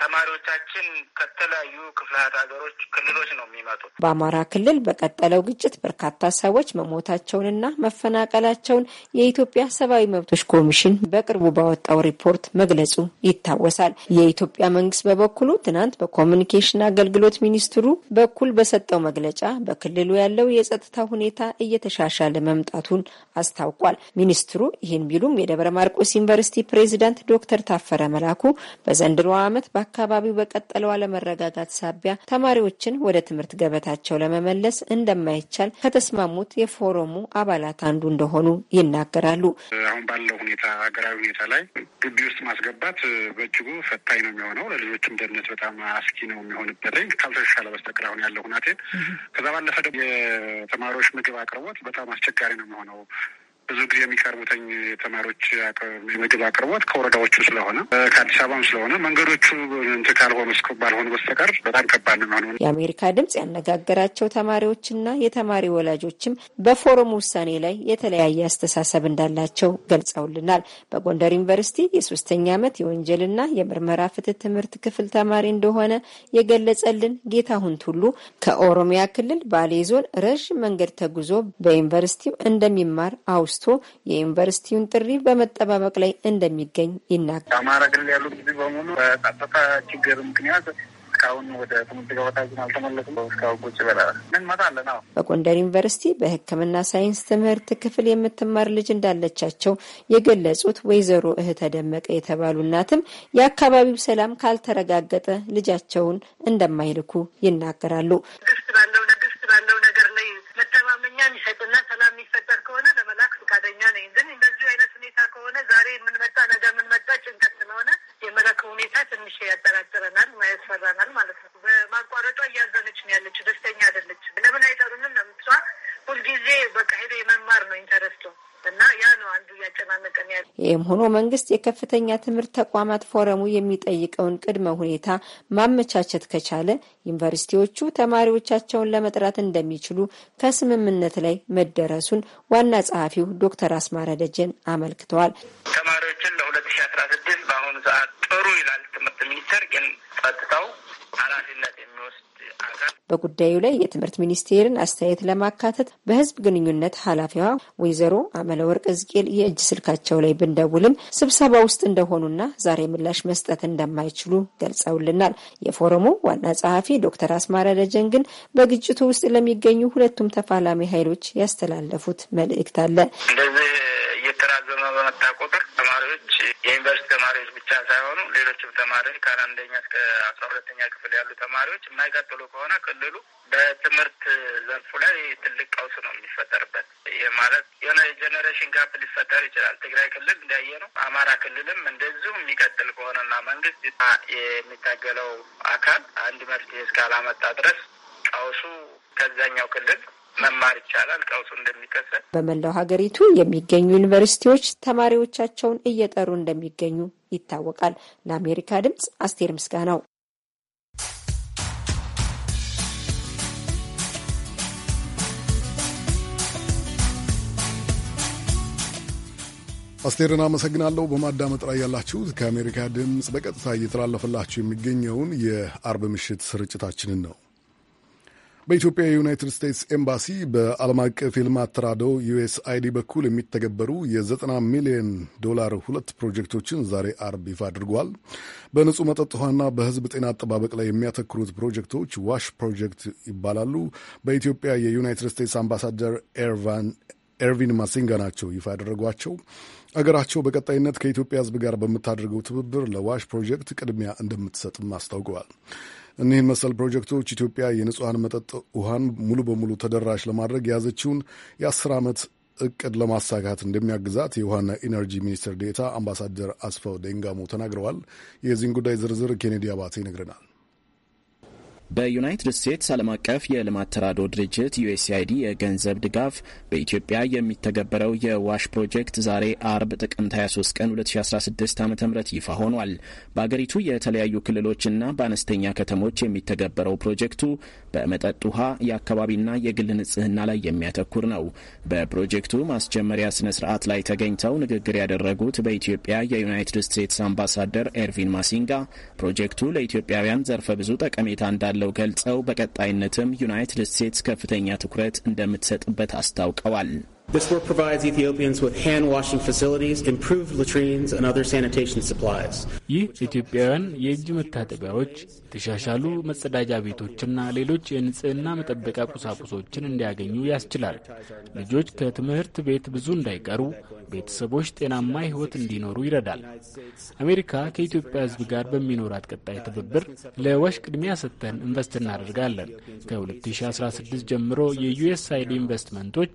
ተማሪዎቻችን ከተለያዩ ክፍላት ሀገሮች፣ ክልሎች ነው የሚመጡት። በአማራ ክልል በቀጠለው ግጭት በርካታ ሰዎች መሞታቸውንና መፈናቀላቸውን የኢትዮጵያ ሰብአዊ መብቶች ኮሚሽን በቅርቡ ባወጣው ሪፖርት መግለጹ ይታወሳል። የኢትዮጵያ መንግስት በበኩሉ ትናንት በኮሚኒኬሽን አገልግሎት ሚኒስትሩ በኩል በሰጠው መግለጫ በክልሉ ያለው የጸጥታ ሁኔታ እየተሻሻለ መምጣቱን አስታውቋል። ሚኒስትሩ ይህን ቢሉም የደብረ ማርቆስ ዩኒቨርሲቲ ፕሬዚዳንት ዶክተር ታፈረ መላኩ በዘንድሮ ዓመት በአካባቢው በቀጠለው አለመረጋጋት ሳቢያ ተማሪዎችን ወደ ትምህርት ገበታቸው ለመመለስ እንደማይቻል ከተስማሙት የፎረሙ አባላት አንዱ እንደሆኑ ይናገራሉ። አሁን ባለው ሁኔታ ሀገራዊ ሁኔታ ላይ ግቢ ውስጥ ማስገባት በእጅጉ ፈታኝ ነው የሚሆነው። ለልጆችም ደህንነት በጣም አስጊ ነው የሚሆንበት ካልተሻለ በስተቀር አሁን ያለው ሁናቴ። ከዛ ባለፈ ደግሞ የተማሪዎች ምግብ አቅርቦት በጣም አስቸጋሪ ነው የሚሆነው። ብዙ ጊዜ የሚቀርቡትኝ የተማሪዎች የምግብ አቅርቦት ከወረዳዎቹ ስለሆነ ከአዲስ አበባም ስለሆነ መንገዶቹ እንትን ካልሆኑ እስኩ ባልሆኑ በስተቀር በጣም ከባድ ነው የሚሆነው። የአሜሪካ ድምጽ ያነጋገራቸው ተማሪዎችና የተማሪ ወላጆችም በፎረሙ ውሳኔ ላይ የተለያየ አስተሳሰብ እንዳላቸው ገልጸውልናል። በጎንደር ዩኒቨርሲቲ የሶስተኛ ዓመት የወንጀልና የምርመራ ፍትህ ትምህርት ክፍል ተማሪ እንደሆነ የገለጸልን ጌታሁን ቱሉ ከኦሮሚያ ክልል ባሌ ዞን ረዥም መንገድ ተጉዞ በዩኒቨርሲቲው እንደሚማር አውስ ተነስቶ የዩኒቨርሲቲውን ጥሪ በመጠባበቅ ላይ እንደሚገኝ ይናገራል። አማራ ክልል ያሉት ጊዜ በሙሉ በጸጥታ ችግር ምክንያት እስካሁን ወደ ትምህርት ገበታችን አልተመለሱም። እስካሁን ቁጭ ብለናል። በጎንደር ዩኒቨርሲቲ በሕክምና ሳይንስ ትምህርት ክፍል የምትማር ልጅ እንዳለቻቸው የገለጹት ወይዘሮ እህተ ደመቀ የተባሉ እናትም የአካባቢው ሰላም ካልተረጋገጠ ልጃቸውን እንደማይልኩ ይናገራሉ። መንግስት ባለው ነገር ላይ መተማመኛ የሚሰጡና ሰላም ነኝ። ግን እንደዚሁ አይነት ሁኔታ ከሆነ ዛሬ የምንመጣ ነገ የምንመጣ ጭንቀት ስለሆነ የመላክ ሁኔታ ትንሽ ያጠራጥረናል፣ ያስፈራናል ማለት ነው። በማቋረጧ እያዘነች ነው ያለች፣ ደስተኛ አይደለች። ለምን አይጠሩንም? ለምሷ ሁልጊዜ በቃ ሄዶ የመማር ነው ኢንተረስቶ እና ያ ነው አንዱ እያጨናነቀን ያለ። ይህም ሆኖ መንግስት የከፍተኛ ትምህርት ተቋማት ፎረሙ የሚጠይቀውን ቅድመ ሁኔታ ማመቻቸት ከቻለ ዩኒቨርሲቲዎቹ ተማሪዎቻቸውን ለመጥራት እንደሚችሉ ከስምምነት ላይ መደረሱን ዋና ጸሐፊው ዶክተር አስማረ ደጀን አመልክተዋል። ተማሪዎችን ለሁለት ሺ አስራ ስድስት በአሁኑ ሰዓት ጥሩ ይላል ትምህርት ሚኒስቴር ግን ጸጥታው ኃላፊነት የሚወስድ በጉዳዩ ላይ የትምህርት ሚኒስቴርን አስተያየት ለማካተት በህዝብ ግንኙነት ኃላፊዋ ወይዘሮ አመለወርቅ ዝቄል የእጅ ስልካቸው ላይ ብንደውልም ስብሰባ ውስጥ እንደሆኑና ዛሬ ምላሽ መስጠት እንደማይችሉ ገልጸውልናል። የፎረሙ ዋና ጸሐፊ ዶክተር አስማራ ደጀን ግን በግጭቱ ውስጥ ለሚገኙ ሁለቱም ተፋላሚ ኃይሎች ያስተላለፉት መልእክት አለ። እንደዚህ እየተራዘመ በመጣ ቁጥር ተማሪዎች ዩኒቨርሲቲ ተማሪዎች ብቻ ሳይሆኑ ሌሎችም ተማሪዎች ከአንደኛ እስከ አስራ ሁለተኛ ክፍል ያሉ ተማሪዎች የማይቀጥሉ ከሆነ ክልሉ በትምህርት ዘርፉ ላይ ትልቅ ቀውስ ነው የሚፈጠርበት። ይህ ማለት የሆነ የጀኔሬሽን ጋፕ ሊፈጠር ይችላል። ትግራይ ክልል እንዳየ ነው። አማራ ክልልም እንደዚሁ የሚቀጥል ከሆነና መንግስት የሚታገለው አካል አንድ መፍትሄ እስካላመጣ ድረስ ቀውሱ ከዛኛው ክልል መማር ይቻላል። ቀውሱ እንደሚከሰት በመላው ሀገሪቱ የሚገኙ ዩኒቨርሲቲዎች ተማሪዎቻቸውን እየጠሩ እንደሚገኙ ይታወቃል። ለአሜሪካ ድምፅ አስቴር ምስጋናው። አስቴርን አመሰግናለሁ። በማዳመጥ ላይ ያላችሁት ከአሜሪካ ድምፅ በቀጥታ እየተላለፈላችሁ የሚገኘውን የአርብ ምሽት ስርጭታችንን ነው። በኢትዮጵያ የዩናይትድ ስቴትስ ኤምባሲ በዓለም አቀፍ የልማት ተራድኦ ዩኤስ በኩል የሚተገበሩ የ90 ሚሊዮን ዶላር ሁለት ፕሮጀክቶችን ዛሬ አርብ ይፋ አድርጓል። በንጹህ መጠጥ ውሃና በሕዝብ ጤና አጠባበቅ ላይ የሚያተክሩት ፕሮጀክቶች ዋሽ ፕሮጀክት ይባላሉ። በኢትዮጵያ የዩናይትድ ስቴትስ አምባሳደር ኤርቪን ማሲንጋ ናቸው ይፋ ያደረጓቸው። አገራቸው በቀጣይነት ከኢትዮጵያ ሕዝብ ጋር በምታደርገው ትብብር ለዋሽ ፕሮጀክት ቅድሚያ እንደምትሰጥም አስታውቀዋል። እኒህን መሰል ፕሮጀክቶች ኢትዮጵያ የንጹሐን መጠጥ ውሃን ሙሉ በሙሉ ተደራሽ ለማድረግ የያዘችውን የአስር ዓመት እቅድ ለማሳካት እንደሚያግዛት የውሃና ኢነርጂ ሚኒስትር ዴታ አምባሳደር አስፈው ደንጋሞ ተናግረዋል። የዚህን ጉዳይ ዝርዝር ኬኔዲ አባተ ይነግረናል። በዩናይትድ ስቴትስ ዓለም አቀፍ የልማት ተራድኦ ድርጅት ዩኤስአይዲ የገንዘብ ድጋፍ በኢትዮጵያ የሚተገበረው የዋሽ ፕሮጀክት ዛሬ አርብ ጥቅምት 23 ቀን 2016 ዓ ም ይፋ ሆኗል። በአገሪቱ የተለያዩ ክልሎችና በአነስተኛ ከተሞች የሚተገበረው ፕሮጀክቱ በመጠጥ ውሃ፣ የአካባቢና የግል ንጽህና ላይ የሚያተኩር ነው። በፕሮጀክቱ ማስጀመሪያ ስነ ስርዓት ላይ ተገኝተው ንግግር ያደረጉት በኢትዮጵያ የዩናይትድ ስቴትስ አምባሳደር ኤርቪን ማሲንጋ ፕሮጀክቱ ለኢትዮጵያውያን ዘርፈ ብዙ ጠቀሜታ እንዳለ እንዳለው ገልጸው በቀጣይነትም ዩናይትድ ስቴትስ ከፍተኛ ትኩረት እንደምትሰጥበት አስታውቀዋል። This work provides Ethiopians with hand washing facilities, improved latrines, and other sanitation supplies. ይህ ኢትዮጵያውያን የእጅ መታጠቢያዎች፣ የተሻሻሉ መጸዳጃ ቤቶችና ሌሎች የንጽህና መጠበቂያ ቁሳቁሶችን እንዲያገኙ ያስችላል። ልጆች ከትምህርት ቤት ብዙ እንዳይቀሩ፣ ቤተሰቦች ጤናማ ሕይወት እንዲኖሩ ይረዳል። አሜሪካ ከኢትዮጵያ ሕዝብ ጋር በሚኖራት ቀጣይ ትብብር ለወሽ ቅድሚያ ሰጥተን ኢንቨስት እናደርጋለን። ከ2016 ጀምሮ የዩኤስ አይዲ ኢንቨስትመንቶች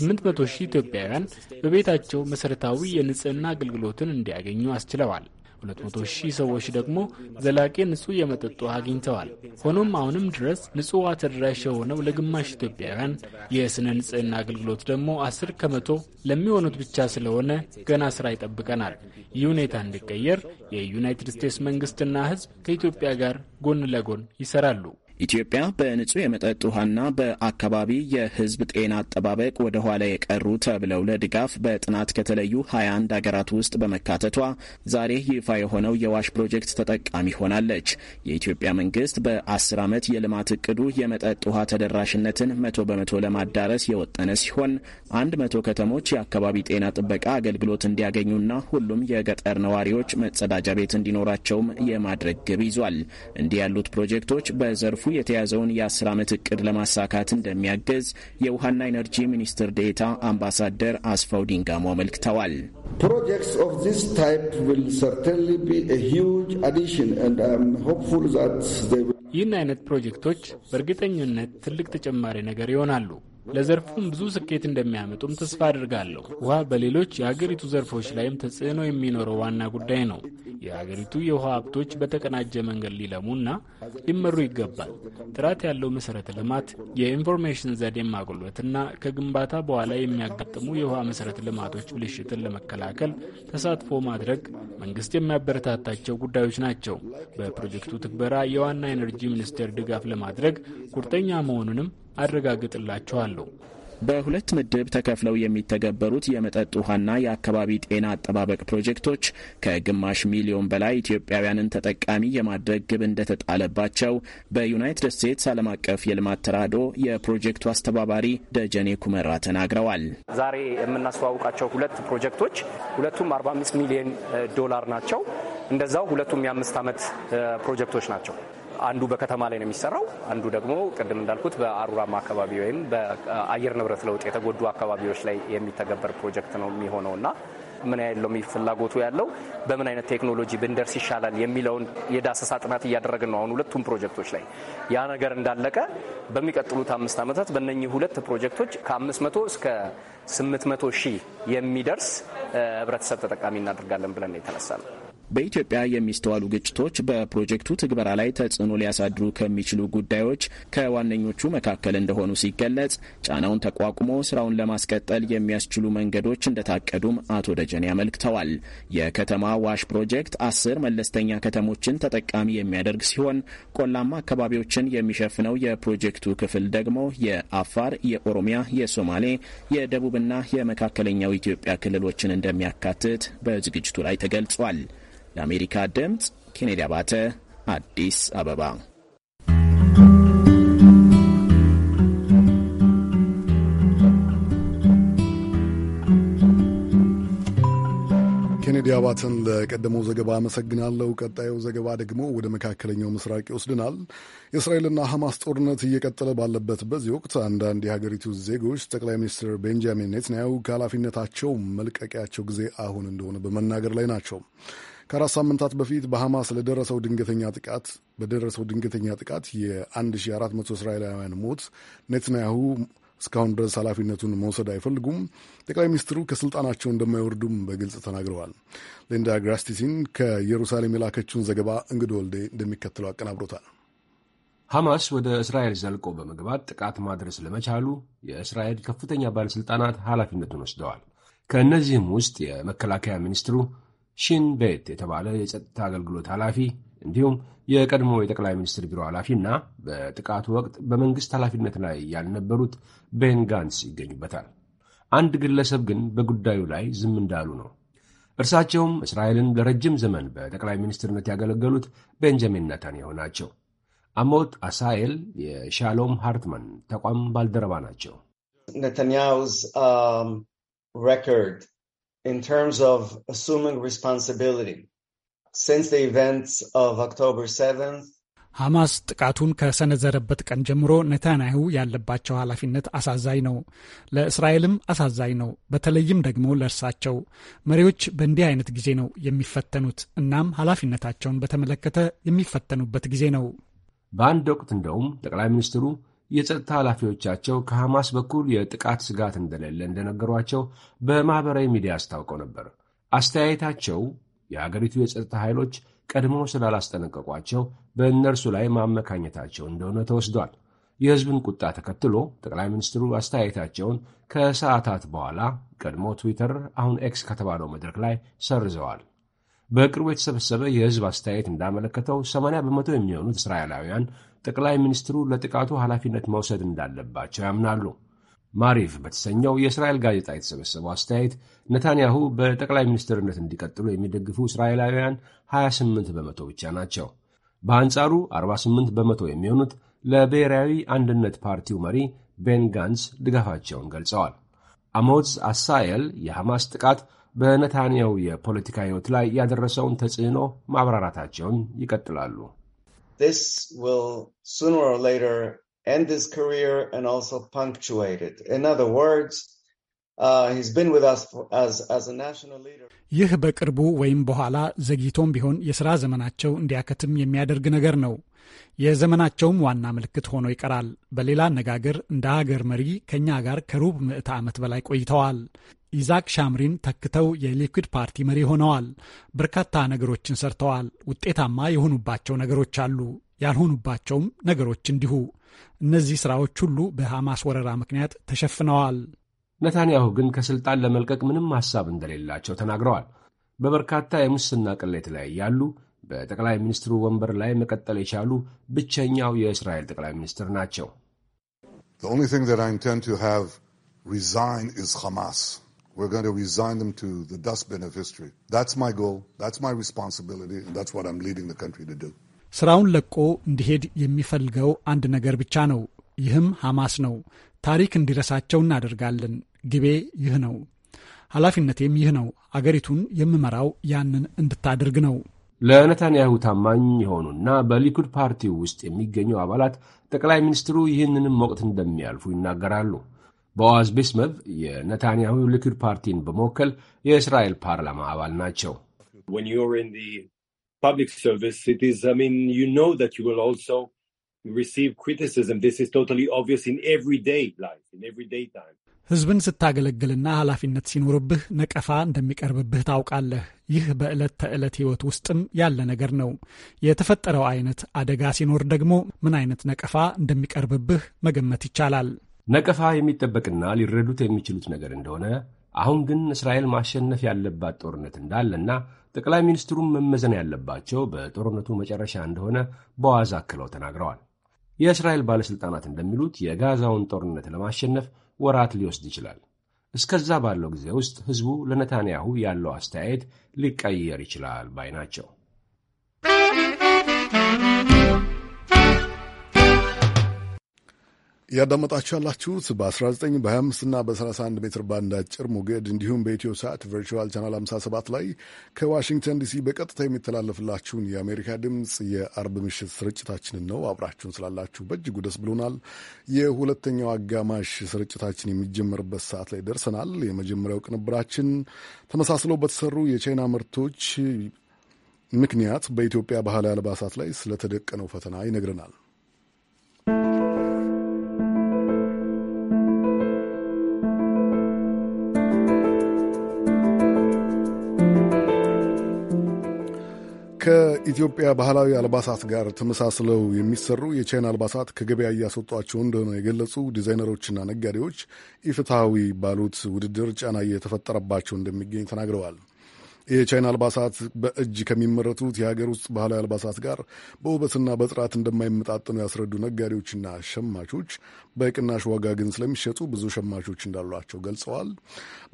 8 መቶ ሺህ ኢትዮጵያውያን በቤታቸው መሠረታዊ የንጽህና አገልግሎትን እንዲያገኙ አስችለዋል። 200 ሺህ ሰዎች ደግሞ ዘላቂ ንጹህ የመጠጥ ውሃ አግኝተዋል። ሆኖም አሁንም ድረስ ንጹህ ውሃ ተደራሽ የሆነው ለግማሽ ኢትዮጵያውያን፣ የስነ ንጽህና አገልግሎት ደግሞ 10 ከመቶ ለሚሆኑት ብቻ ስለሆነ ገና ስራ ይጠብቀናል። ይህ ሁኔታ እንዲቀየር የዩናይትድ ስቴትስ መንግስትና ህዝብ ከኢትዮጵያ ጋር ጎን ለጎን ይሰራሉ። ኢትዮጵያ በንጹህ የመጠጥ ውሃና በአካባቢ የህዝብ ጤና አጠባበቅ ወደ ኋላ የቀሩ ተብለው ለድጋፍ በጥናት ከተለዩ 21 ሀገራት ውስጥ በመካተቷ ዛሬ ይፋ የሆነው የዋሽ ፕሮጀክት ተጠቃሚ ሆናለች። የኢትዮጵያ መንግስት በ10 ዓመት የልማት እቅዱ የመጠጥ ውሃ ተደራሽነትን መቶ በመቶ ለማዳረስ የወጠነ ሲሆን አንድ መቶ ከተሞች የአካባቢ ጤና ጥበቃ አገልግሎት እንዲያገኙና ሁሉም የገጠር ነዋሪዎች መጸዳጃ ቤት እንዲኖራቸውም የማድረግ ግብ ይዟል። እንዲህ ያሉት ፕሮጀክቶች በዘርፉ የተያዘውን የአስር ዓመት እቅድ ለማሳካት እንደሚያግዝ የውሃና ኢነርጂ ሚኒስትር ዴታ አምባሳደር አስፋው ዲንጋሞ አመልክተዋል። ፕሮጀክትስ ኦፍ ዚስ ታይፕ ዊል ሰርተንሊ ቢ ኤ ሂውጅ አዲሽን ኤንድ አይ አም ሆፕፉል ዛት ይህን አይነት ፕሮጀክቶች በእርግጠኝነት ትልቅ ተጨማሪ ነገር ይሆናሉ። ለዘርፉም ብዙ ስኬት እንደሚያመጡም ተስፋ አድርጋለሁ። ውሃ በሌሎች የአገሪቱ ዘርፎች ላይም ተጽዕኖ የሚኖረው ዋና ጉዳይ ነው። የአገሪቱ የውሃ ሀብቶች በተቀናጀ መንገድ ሊለሙና ሊመሩ ይገባል። ጥራት ያለው መሰረተ ልማት፣ የኢንፎርሜሽን ዘዴ ማጎልበትና ከግንባታ በኋላ የሚያጋጥሙ የውሃ መሰረተ ልማቶች ብልሽትን ለመከላከል ተሳትፎ ማድረግ መንግስት የሚያበረታታቸው ጉዳዮች ናቸው። በፕሮጀክቱ ትግበራ የዋና ኢነርጂ ሚኒስቴር ድጋፍ ለማድረግ ቁርጠኛ መሆኑንም አረጋግጥላቸዋለሁ። በሁለት ምድብ ተከፍለው የሚተገበሩት የመጠጥ ውሃና የአካባቢ ጤና አጠባበቅ ፕሮጀክቶች ከግማሽ ሚሊዮን በላይ ኢትዮጵያውያንን ተጠቃሚ የማድረግ ግብ እንደተጣለባቸው በዩናይትድ ስቴትስ ዓለም አቀፍ የልማት ተራድኦ የፕሮጀክቱ አስተባባሪ ደጀኔ ኩመራ ተናግረዋል። ዛሬ የምናስተዋውቃቸው ሁለት ፕሮጀክቶች ሁለቱም 45 ሚሊዮን ዶላር ናቸው። እንደዛው ሁለቱም የአምስት ዓመት ፕሮጀክቶች ናቸው። አንዱ በከተማ ላይ ነው የሚሰራው፣ አንዱ ደግሞ ቅድም እንዳልኩት በአሩራማ አካባቢ ወይም በአየር ንብረት ለውጥ የተጎዱ አካባቢዎች ላይ የሚተገበር ፕሮጀክት ነው የሚሆነው እና ምን ያህል ነው ፍላጎቱ ያለው በምን አይነት ቴክኖሎጂ ብንደርስ ይሻላል የሚለውን የዳሰሳ ጥናት እያደረግን ነው አሁን ሁለቱም ፕሮጀክቶች ላይ። ያ ነገር እንዳለቀ በሚቀጥሉት አምስት ዓመታት በእነኚህ ሁለት ፕሮጀክቶች ከ500 እስከ 800 ሺህ የሚደርስ ህብረተሰብ ተጠቃሚ እናደርጋለን ብለን የተነሳ ነው። በኢትዮጵያ የሚስተዋሉ ግጭቶች በፕሮጀክቱ ትግበራ ላይ ተጽዕኖ ሊያሳድሩ ከሚችሉ ጉዳዮች ከዋነኞቹ መካከል እንደሆኑ ሲገለጽ ጫናውን ተቋቁሞ ስራውን ለማስቀጠል የሚያስችሉ መንገዶች እንደታቀዱም አቶ ደጀኔ አመልክተዋል። የከተማ ዋሽ ፕሮጀክት አስር መለስተኛ ከተሞችን ተጠቃሚ የሚያደርግ ሲሆን ቆላማ አካባቢዎችን የሚሸፍነው የፕሮጀክቱ ክፍል ደግሞ የአፋር፣ የኦሮሚያ፣ የሶማሌ፣ የደቡብና የመካከለኛው ኢትዮጵያ ክልሎችን እንደሚያካትት በዝግጅቱ ላይ ተገልጿል። ለአሜሪካ ድምፅ ኬኔዲ አባተ አዲስ አበባ። ኬኔዲ አባተን ለቀደመው ዘገባ አመሰግናለሁ። ቀጣዩ ዘገባ ደግሞ ወደ መካከለኛው ምስራቅ ይወስድናል። የእስራኤልና ሐማስ ጦርነት እየቀጠለ ባለበት በዚህ ወቅት አንዳንድ የሀገሪቱ ዜጎች ጠቅላይ ሚኒስትር ቤንጃሚን ኔትንያሁ ከኃላፊነታቸው መልቀቂያቸው ጊዜ አሁን እንደሆነ በመናገር ላይ ናቸው። ከአራት ሳምንታት በፊት በሐማስ ለደረሰው ድንገተኛ ጥቃት በደረሰው ድንገተኛ ጥቃት የ1400 እስራኤላውያን ሞት ኔትንያሁ እስካሁን ድረስ ኃላፊነቱን መውሰድ አይፈልጉም። ጠቅላይ ሚኒስትሩ ከስልጣናቸው እንደማይወርዱም በግልጽ ተናግረዋል። ሊንዳ ግራስቲሲን ከኢየሩሳሌም የላከችውን ዘገባ እንግዶ ወልዴ እንደሚከተለው አቀናብሮታል። ሐማስ ወደ እስራኤል ዘልቆ በመግባት ጥቃት ማድረስ ለመቻሉ የእስራኤል ከፍተኛ ባለሥልጣናት ኃላፊነቱን ወስደዋል። ከእነዚህም ውስጥ የመከላከያ ሚኒስትሩ ሺን ቤት የተባለ የጸጥታ አገልግሎት ኃላፊ እንዲሁም የቀድሞ የጠቅላይ ሚኒስትር ቢሮ ኃላፊ እና በጥቃቱ ወቅት በመንግሥት ኃላፊነት ላይ ያልነበሩት ቤን ጋንስ ይገኙበታል። አንድ ግለሰብ ግን በጉዳዩ ላይ ዝም እንዳሉ ነው። እርሳቸውም እስራኤልን ለረጅም ዘመን በጠቅላይ ሚኒስትርነት ያገለገሉት ቤንጃሚን ነታንያሁ ናቸው። አሞት አሳኤል የሻሎም ሃርትማን ተቋም ባልደረባ ናቸው። ነታንያሁስ ሬኮርድ um, in terms of assuming responsibility since the events of October 7th. ሐማስ ጥቃቱን ከሰነዘረበት ቀን ጀምሮ ኔታንያሁ ያለባቸው ኃላፊነት አሳዛኝ ነው፣ ለእስራኤልም አሳዛኝ ነው፣ በተለይም ደግሞ ለእርሳቸው። መሪዎች በእንዲህ አይነት ጊዜ ነው የሚፈተኑት። እናም ኃላፊነታቸውን በተመለከተ የሚፈተኑበት ጊዜ ነው። በአንድ ወቅት እንደውም ጠቅላይ ሚኒስትሩ የጸጥታ ኃላፊዎቻቸው ከሐማስ በኩል የጥቃት ስጋት እንደሌለ እንደነገሯቸው በማኅበራዊ ሚዲያ አስታውቀው ነበር። አስተያየታቸው የአገሪቱ የጸጥታ ኃይሎች ቀድሞ ስላላስጠነቀቋቸው በእነርሱ ላይ ማመካኘታቸው እንደሆነ ተወስዷል። የሕዝብን ቁጣ ተከትሎ ጠቅላይ ሚኒስትሩ አስተያየታቸውን ከሰዓታት በኋላ ቀድሞ ትዊተር አሁን ኤክስ ከተባለው መድረክ ላይ ሰርዘዋል። በቅርቡ የተሰበሰበ የህዝብ አስተያየት እንዳመለከተው 80 በመቶ የሚሆኑት እስራኤላውያን ጠቅላይ ሚኒስትሩ ለጥቃቱ ኃላፊነት መውሰድ እንዳለባቸው ያምናሉ። ማሪፍ በተሰኘው የእስራኤል ጋዜጣ የተሰበሰበው አስተያየት ነታንያሁ በጠቅላይ ሚኒስትርነት እንዲቀጥሉ የሚደግፉ እስራኤላውያን 28 በመቶ ብቻ ናቸው። በአንጻሩ 48 በመቶ የሚሆኑት ለብሔራዊ አንድነት ፓርቲው መሪ ቤን ጋንስ ድጋፋቸውን ገልጸዋል። አሞዝ አሳየል የሐማስ ጥቃት በነታንያው የፖለቲካ ሕይወት ላይ ያደረሰውን ተጽዕኖ ማብራራታቸውን ይቀጥላሉ። uh, ይህ በቅርቡ ወይም በኋላ ዘግይቶም ቢሆን የሥራ ዘመናቸው እንዲያከትም የሚያደርግ ነገር ነው። የዘመናቸውም ዋና ምልክት ሆኖ ይቀራል። በሌላ አነጋገር እንደ ሀገር መሪ ከእኛ ጋር ከሩብ ምዕተ ዓመት በላይ ቆይተዋል። ኢዛክ ሻምሪን ተክተው የሊኩድ ፓርቲ መሪ ሆነዋል። በርካታ ነገሮችን ሰርተዋል። ውጤታማ የሆኑባቸው ነገሮች አሉ፣ ያልሆኑባቸውም ነገሮች እንዲሁ። እነዚህ ሥራዎች ሁሉ በሐማስ ወረራ ምክንያት ተሸፍነዋል። ነታንያሁ ግን ከሥልጣን ለመልቀቅ ምንም ሐሳብ እንደሌላቸው ተናግረዋል። በበርካታ የሙስና ቅሌት ላይ ያሉ በጠቅላይ ሚኒስትሩ ወንበር ላይ መቀጠል የቻሉ ብቸኛው የእስራኤል ጠቅላይ ሚኒስትር ናቸው። ስራውን ለቆ እንዲሄድ የሚፈልገው አንድ ነገር ብቻ ነው። ይህም ሐማስ ነው። ታሪክ እንዲረሳቸው እናደርጋለን። ግቤ ይህ ነው። ኃላፊነቴም ይህ ነው። አገሪቱን የምመራው ያንን እንድታደርግ ነው። ለነታንያሁ ታማኝ የሆኑና በሊኩድ ፓርቲ ውስጥ የሚገኙ አባላት ጠቅላይ ሚኒስትሩ ይህንንም ወቅት እንደሚያልፉ ይናገራሉ። በዋዝ ቤስመብ የነታንያሁ ሊኩድ ፓርቲን በመወከል የእስራኤል ፓርላማ አባል ናቸው። ህዝብን ስታገለግልና ኃላፊነት ሲኖርብህ ነቀፋ እንደሚቀርብብህ ታውቃለህ። ይህ በዕለት ተዕለት ህይወት ውስጥም ያለ ነገር ነው። የተፈጠረው አይነት አደጋ ሲኖር ደግሞ ምን አይነት ነቀፋ እንደሚቀርብብህ መገመት ይቻላል። ነቀፋ የሚጠበቅና ሊረዱት የሚችሉት ነገር እንደሆነ፣ አሁን ግን እስራኤል ማሸነፍ ያለባት ጦርነት እንዳለና ጠቅላይ ሚኒስትሩም መመዘን ያለባቸው በጦርነቱ መጨረሻ እንደሆነ በዋዛ አክለው ተናግረዋል። የእስራኤል ባለሥልጣናት እንደሚሉት የጋዛውን ጦርነት ለማሸነፍ ወራት ሊወስድ ይችላል። እስከዛ ባለው ጊዜ ውስጥ ሕዝቡ ለነታንያሁ ያለው አስተያየት ሊቀየር ይችላል ባይ ናቸው። እያዳመጣችሁ ያላችሁት በ19 በ25 እና በ31 ሜትር ባንድ አጭር ሞገድ እንዲሁም በኢትዮ ሰዓት ቨርቹዋል ቻናል 57 ላይ ከዋሽንግተን ዲሲ በቀጥታ የሚተላለፍላችሁን የአሜሪካ ድምፅ የአርብ ምሽት ስርጭታችንን ነው። አብራችሁን ስላላችሁ በእጅጉ ደስ ብሎናል። የሁለተኛው አጋማሽ ስርጭታችን የሚጀመርበት ሰዓት ላይ ደርሰናል። የመጀመሪያው ቅንብራችን ተመሳስለው በተሰሩ የቻይና ምርቶች ምክንያት በኢትዮጵያ ባህላዊ አልባሳት ላይ ስለተደቀነው ፈተና ይነግረናል። ከኢትዮጵያ ባህላዊ አልባሳት ጋር ተመሳስለው የሚሰሩ የቻይና አልባሳት ከገበያ እያስወጧቸው እንደሆነ የገለጹ ዲዛይነሮችና ነጋዴዎች ኢፍትሐዊ ባሉት ውድድር ጫና እየተፈጠረባቸው እንደሚገኝ ተናግረዋል። የቻይና አልባሳት በእጅ ከሚመረቱት የሀገር ውስጥ ባህላዊ አልባሳት ጋር በውበትና በጥራት እንደማይመጣጠኑ ያስረዱ ነጋዴዎችና ሸማቾች በቅናሽ ዋጋ ግን ስለሚሸጡ ብዙ ሸማቾች እንዳሏቸው ገልጸዋል።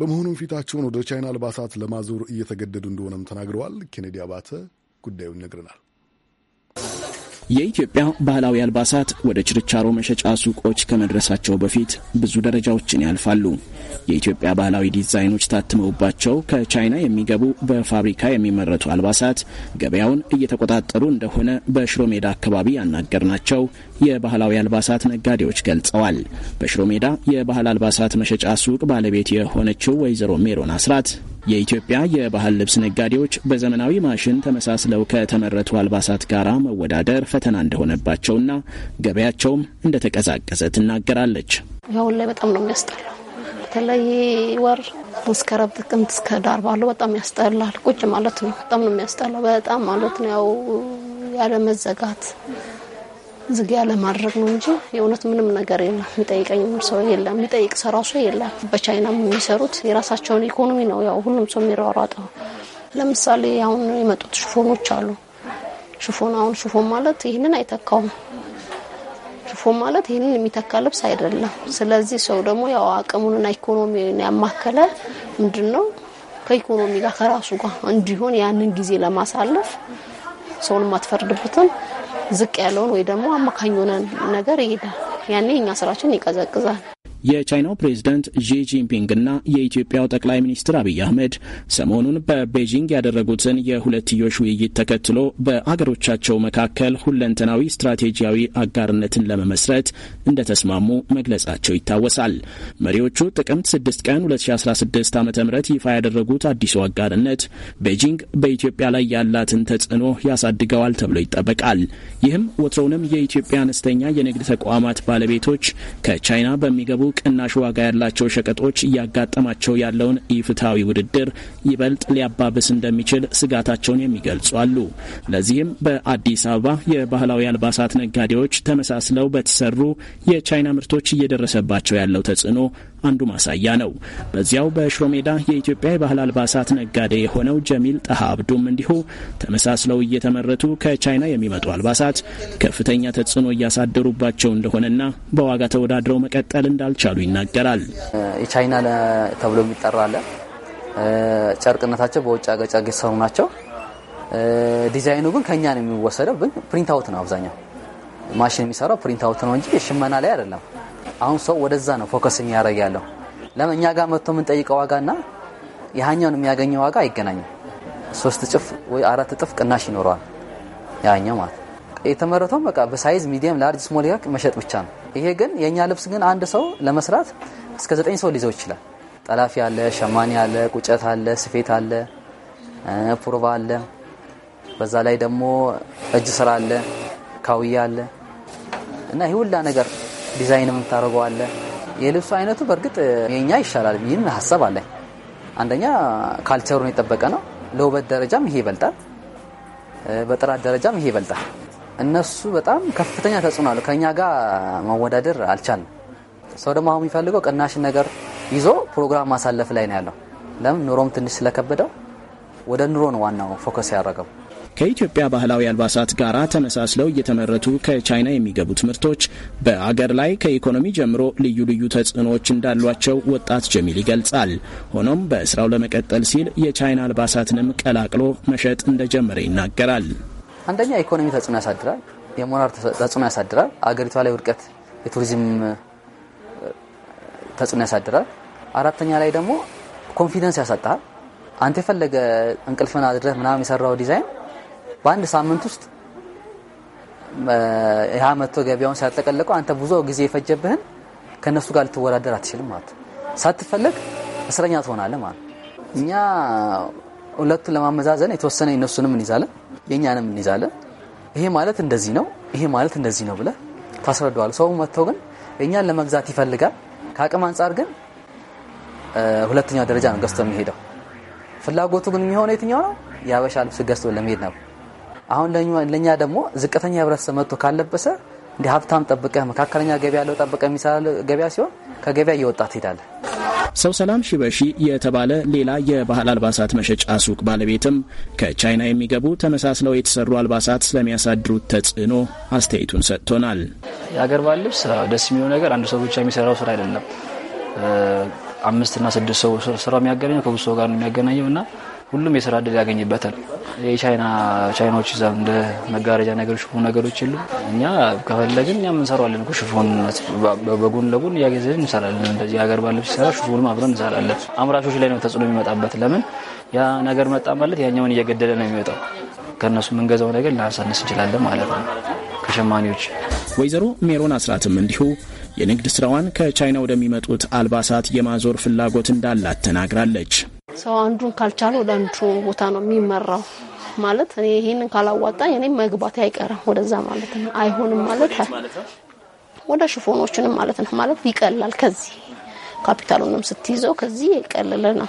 በመሆኑም ፊታቸውን ወደ ቻይና አልባሳት ለማዞር እየተገደዱ እንደሆነም ተናግረዋል። ኬኔዲ አባተ ጉዳዩን ይነግረናል። የኢትዮጵያ ባህላዊ አልባሳት ወደ ችርቻሮ መሸጫ ሱቆች ከመድረሳቸው በፊት ብዙ ደረጃዎችን ያልፋሉ። የኢትዮጵያ ባህላዊ ዲዛይኖች ታትመውባቸው ከቻይና የሚገቡ በፋብሪካ የሚመረቱ አልባሳት ገበያውን እየተቆጣጠሩ እንደሆነ በሽሮ ሜዳ አካባቢ ያናገርናቸው የባህላዊ አልባሳት ነጋዴዎች ገልጸዋል። በሽሮ ሜዳ የባህል አልባሳት መሸጫ ሱቅ ባለቤት የሆነችው ወይዘሮ ሜሮን አስራት የኢትዮጵያ የባህል ልብስ ነጋዴዎች በዘመናዊ ማሽን ተመሳስለው ከተመረቱ አልባሳት ጋር መወዳደር ፈተና እንደሆነባቸውና ገበያቸውም እንደተቀዛቀዘ ትናገራለች። ያሁን ላይ በጣም ነው የሚያስጠላው። በተለይ ወር መስከረም፣ ጥቅምት እስከ ዳር ባለው በጣም ያስጠላል። ቁጭ ማለት ነው። በጣም ነው የሚያስጠላው። በጣም ማለት ነው ያው ያለመዘጋት ዝግያ ለማድረግ ነው እንጂ የእውነት ምንም ነገር የለም። የሚጠይቀኝ ሰው የለም። የሚጠይቅ ሰው ራሱ የለም። በቻይና የሚሰሩት የራሳቸውን ኢኮኖሚ ነው ያው ሁሉም ሰው የሚሯሯጠው። ለምሳሌ አሁን የመጡት ሽፎኖች አሉ። ሽፎን አሁን ሽፎን ማለት ይህንን አይተካውም። ሽፎን ማለት ይህንን የሚተካ ልብስ አይደለም። ስለዚህ ሰው ደግሞ ያው አቅሙንና ኢኮኖሚውን ያማከለ ምንድን ነው ከኢኮኖሚ ጋር ከራሱ ጋር እንዲሆን ያንን ጊዜ ለማሳለፍ ሰውን የማትፈርድበትን ዝቅ ያለውን ወይ ደግሞ አማካኝ የሆነ ነገር ይሄዳል። ያኔ እኛ ስራችን ይቀዘቅዛል። የቻይናው ፕሬዝደንት ዢ ጂንፒንግ እና የኢትዮጵያው ጠቅላይ ሚኒስትር አብይ አህመድ ሰሞኑን በቤጂንግ ያደረጉትን የሁለትዮሽ ውይይት ተከትሎ በአገሮቻቸው መካከል ሁለንተናዊ ስትራቴጂያዊ አጋርነትን ለመመስረት እንደተስማሙ መግለጻቸው ይታወሳል። መሪዎቹ ጥቅምት 6 ቀን 2016 ዓ ም ይፋ ያደረጉት አዲሱ አጋርነት ቤጂንግ በኢትዮጵያ ላይ ያላትን ተጽዕኖ ያሳድገዋል ተብሎ ይጠበቃል። ይህም ወትሮውንም የኢትዮጵያ አነስተኛ የንግድ ተቋማት ባለቤቶች ከቻይና በሚገቡ ቅናሽ ዋጋ ያላቸው ሸቀጦች እያጋጠማቸው ያለውን ኢፍትሐዊ ውድድር ይበልጥ ሊያባብስ እንደሚችል ስጋታቸውን የሚገልጹ አሉ። ለዚህም በአዲስ አበባ የባህላዊ አልባሳት ነጋዴዎች ተመሳስለው በተሰሩ የቻይና ምርቶች እየደረሰባቸው ያለው ተጽዕኖ አንዱ ማሳያ ነው። በዚያው በሽሮ ሜዳ የኢትዮጵያ የባህል አልባሳት ነጋዴ የሆነው ጀሚል ጠሀ አብዱም እንዲሁ ተመሳስለው እየተመረቱ ከቻይና የሚመጡ አልባሳት ከፍተኛ ተጽዕኖ እያሳደሩባቸው እንደሆነና በዋጋ ተወዳድረው መቀጠል እንዳልቻሉ ይናገራል። የቻይና ተብሎ የሚጠራ አለ። ጨርቅነታቸው በውጭ አገጫ የተሰሩ ናቸው። ዲዛይኑ ግን ከኛ ነው የሚወሰደው። ግን ፕሪንት አውት ነው አብዛኛው ማሽን የሚሰራው ፕሪንት አውት ነው እንጂ ሽመና ላይ አይደለም። አሁን ሰው ወደዛ ነው ፎከስ የሚያደርግ ያለው። ለምን እኛ ጋር መጥቶ የምንጠይቀው ዋጋና ያኛውን የሚያገኘው ዋጋ አይገናኝም። ሶስት እጥፍ ወይ አራት እጥፍ ቅናሽ ይኖረዋል ያኛው ማለት የተመረተውም በቃ በሳይዝ ሚዲየም፣ ላርጅ፣ ስሞል መሸጥ ብቻ ነው። ይሄ ግን የእኛ ልብስ ግን አንድ ሰው ለመስራት እስከ ዘጠኝ ሰው ሊይዘው ይችላል። ጠላፊ አለ፣ ሸማኔ አለ፣ ቁጨት አለ፣ ስፌት አለ፣ ፑርባ አለ። በዛ ላይ ደግሞ እጅ ስራ አለ፣ ካውያ አለ እና ይህ ሁላ ነገር ዲዛይንም አለ የልብሱ አይነቱ በእርግጥ የኛ ይሻላል ይህን ሀሳብ አለኝ። አንደኛ ካልቸሩን የጠበቀ ነው። ለውበት ደረጃም ይሄ ይበልጣል፣ በጥራት ደረጃም ይሄ ይበልጣል። እነሱ በጣም ከፍተኛ ተጽዕኖ አሉ ከእኛ ጋር መወዳደር አልቻልም። ሰው ደግሞ አሁን የሚፈልገው ቀናሽ ነገር ይዞ ፕሮግራም ማሳለፍ ላይ ነው ያለው። ለምን ኑሮም ትንሽ ስለከበደው ወደ ኑሮ ነው ዋናው ፎከስ ያደረገው። ከኢትዮጵያ ባህላዊ አልባሳት ጋር ተመሳስለው እየተመረቱ ከቻይና የሚገቡት ምርቶች በአገር ላይ ከኢኮኖሚ ጀምሮ ልዩ ልዩ ተጽዕኖዎች እንዳሏቸው ወጣት ጀሚል ይገልጻል። ሆኖም በስራው ለመቀጠል ሲል የቻይና አልባሳትንም ቀላቅሎ መሸጥ እንደጀመረ ይናገራል። አንደኛ ኢኮኖሚ ተጽዕኖ ያሳድራል፣ የሞራል ተጽዕኖ ያሳድራል፣ አገሪቷ ላይ ውድቀት፣ የቱሪዝም ተጽዕኖ ያሳድራል። አራተኛ ላይ ደግሞ ኮንፊደንስ ያሳጣል። አንተ የፈለገ እንቅልፍን አድረህ ምናምን የሰራው ዲዛይን በአንድ ሳምንት ውስጥ ያ መጥቶ ገበያውን ሲያጠቀለቀው አንተ ብዙ ጊዜ የፈጀብህን ከነሱ ጋር ልትወዳደር አትችልም ማለት ነው። ሳትፈለግ እስረኛ ትሆናለህ ማለት ነው። እኛ ሁለቱን ለማመዛዘን የተወሰነ የነሱንም እንይዛለን፣ የእኛንም እንይዛለን። ይሄ ማለት እንደዚህ ነው፣ ይሄ ማለት እንደዚህ ነው ብለ ታስረዳዋለህ። ሰው መጥቶ ግን የኛን ለመግዛት ይፈልጋል። ከአቅም አንጻር ግን ሁለተኛው ደረጃ ነው ገዝቶ የሚሄደው። ፍላጎቱ ግን የሚሆነው የትኛው ነው? የአበሻ ልብስ ገዝቶ ለመሄድ ነው። አሁን ለእኛ ደግሞ ዝቅተኛ ህብረተሰብ መጥቶ ካለበሰ እንደ ሀብታም ጠብቀ መካከለኛ ገበያ ያለው ጠብቀህ የሚሰራ ገበያ ሲሆን ከገበያ እየወጣ ትሄዳለ። ሰው ሰላም ሺበሺ የተባለ ሌላ የባህል አልባሳት መሸጫ ሱቅ ባለቤትም ከቻይና የሚገቡ ተመሳስለው የተሰሩ አልባሳት ስለሚያሳድሩት ተጽዕኖ አስተያየቱን ሰጥቶናል። የአገር ባህል ልብስ ደስ የሚለው ነገር አንድ ሰው ብቻ የሚሰራው ስራ አይደለም። አምስትና ስድስት ሰው ስራው የሚያገናኘው ከብዙ ሰው ጋር ነው የሚያገናኘው እና ሁሉም የስራ እድል ያገኝበታል። የቻይና ቻይናዎች እዛ እንደ መጋረጃ ነገር ሽፎን ነገሮች የሉ። እኛ ከፈለግን እኛም እንሰራዋለን እኮ ሽፎን በጎን ለጎን እያገዘን እንሰራለን። እንደዚህ ሀገር ባለብ ሲሰራ ሽፎንም አብረን እንሰራለን። አምራቾች ላይ ነው ተጽዕኖ የሚመጣበት። ለምን ያ ነገር መጣ ማለት ያኛውን እየገደለ ነው የሚመጣው። ከእነሱ የምንገዛው ነገር ልናሳንስ እንችላለን ማለት ነው ከሸማኔዎች። ወይዘሮ ሜሮን አስራትም እንዲሁ የንግድ ስራዋን ከቻይና ወደሚመጡት አልባሳት የማዞር ፍላጎት እንዳላት ተናግራለች። ሰው አንዱን ካልቻለ ወደ አንዱ ቦታ ነው የሚመራው። ማለት እኔ ይሄንን ካላዋጣኝ እኔ መግባት አይቀርም ወደዛ ማለት ነው። አይሆንም ማለት ወደ ሽፎኖችንም ማለት ነው ማለት ይቀላል ከዚህ ካፒታሉንም ስትይዘው ከዚህ የቀለለ ነው።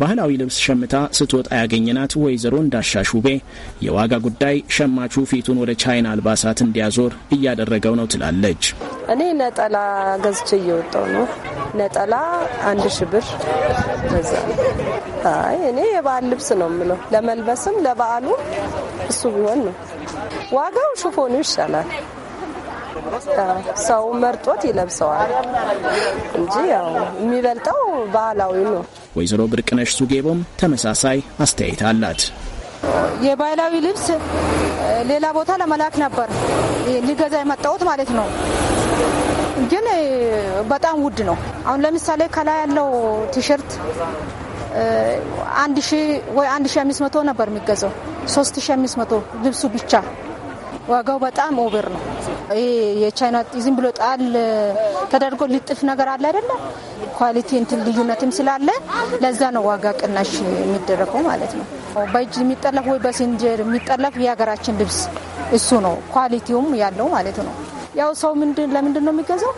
ባህላዊ ልብስ ሸምታ ስትወጣ ያገኘናት ወይዘሮ እንዳሻሹቤ የዋጋ ጉዳይ ሸማቹ ፊቱን ወደ ቻይና አልባሳት እንዲያዞር እያደረገው ነው ትላለች። እኔ ነጠላ ገዝቼ እየወጣው ነው። ነጠላ አንድ ሺ ብር በዛ። አይ እኔ የበዓል ልብስ ነው የምለው ለመልበስም ለበዓሉ እሱ ቢሆን ነው። ዋጋው ሽፎኑ ይሻላል። ሰው መርጦት ይለብሰዋል እንጂ ያው የሚበልጠው ባህላዊ ነው። ወይዘሮ ብርቅነሽ ሱጌቦም ተመሳሳይ አስተያየት አላት። የባህላዊ ልብስ ሌላ ቦታ ለመላክ ነበር ሊገዛ የመጣሁት ማለት ነው። ግን በጣም ውድ ነው። አሁን ለምሳሌ ከላይ ያለው ቲሸርት አንድ ሺ ወይ አንድ አምስት መቶ ነበር የሚገዛው ሶስት ሺ አምስት መቶ ልብሱ ብቻ ዋጋው በጣም ኦቨር ነው። ይሄ የቻይና ዝም ብሎ ጣል ተደርጎ ሊጥፍ ነገር አለ አይደለ? ኳሊቲ እንትን ልዩነትም ስላለ ለዛ ነው ዋጋ ቅናሽ የሚደረገው ማለት ነው። በእጅ የሚጠለፍ ወይ በሲንጀር የሚጠለፍ የሀገራችን ልብስ እሱ ነው ኳሊቲውም ያለው ማለት ነው። ያው ሰው ምንድን ለምንድን ነው የሚገዛው?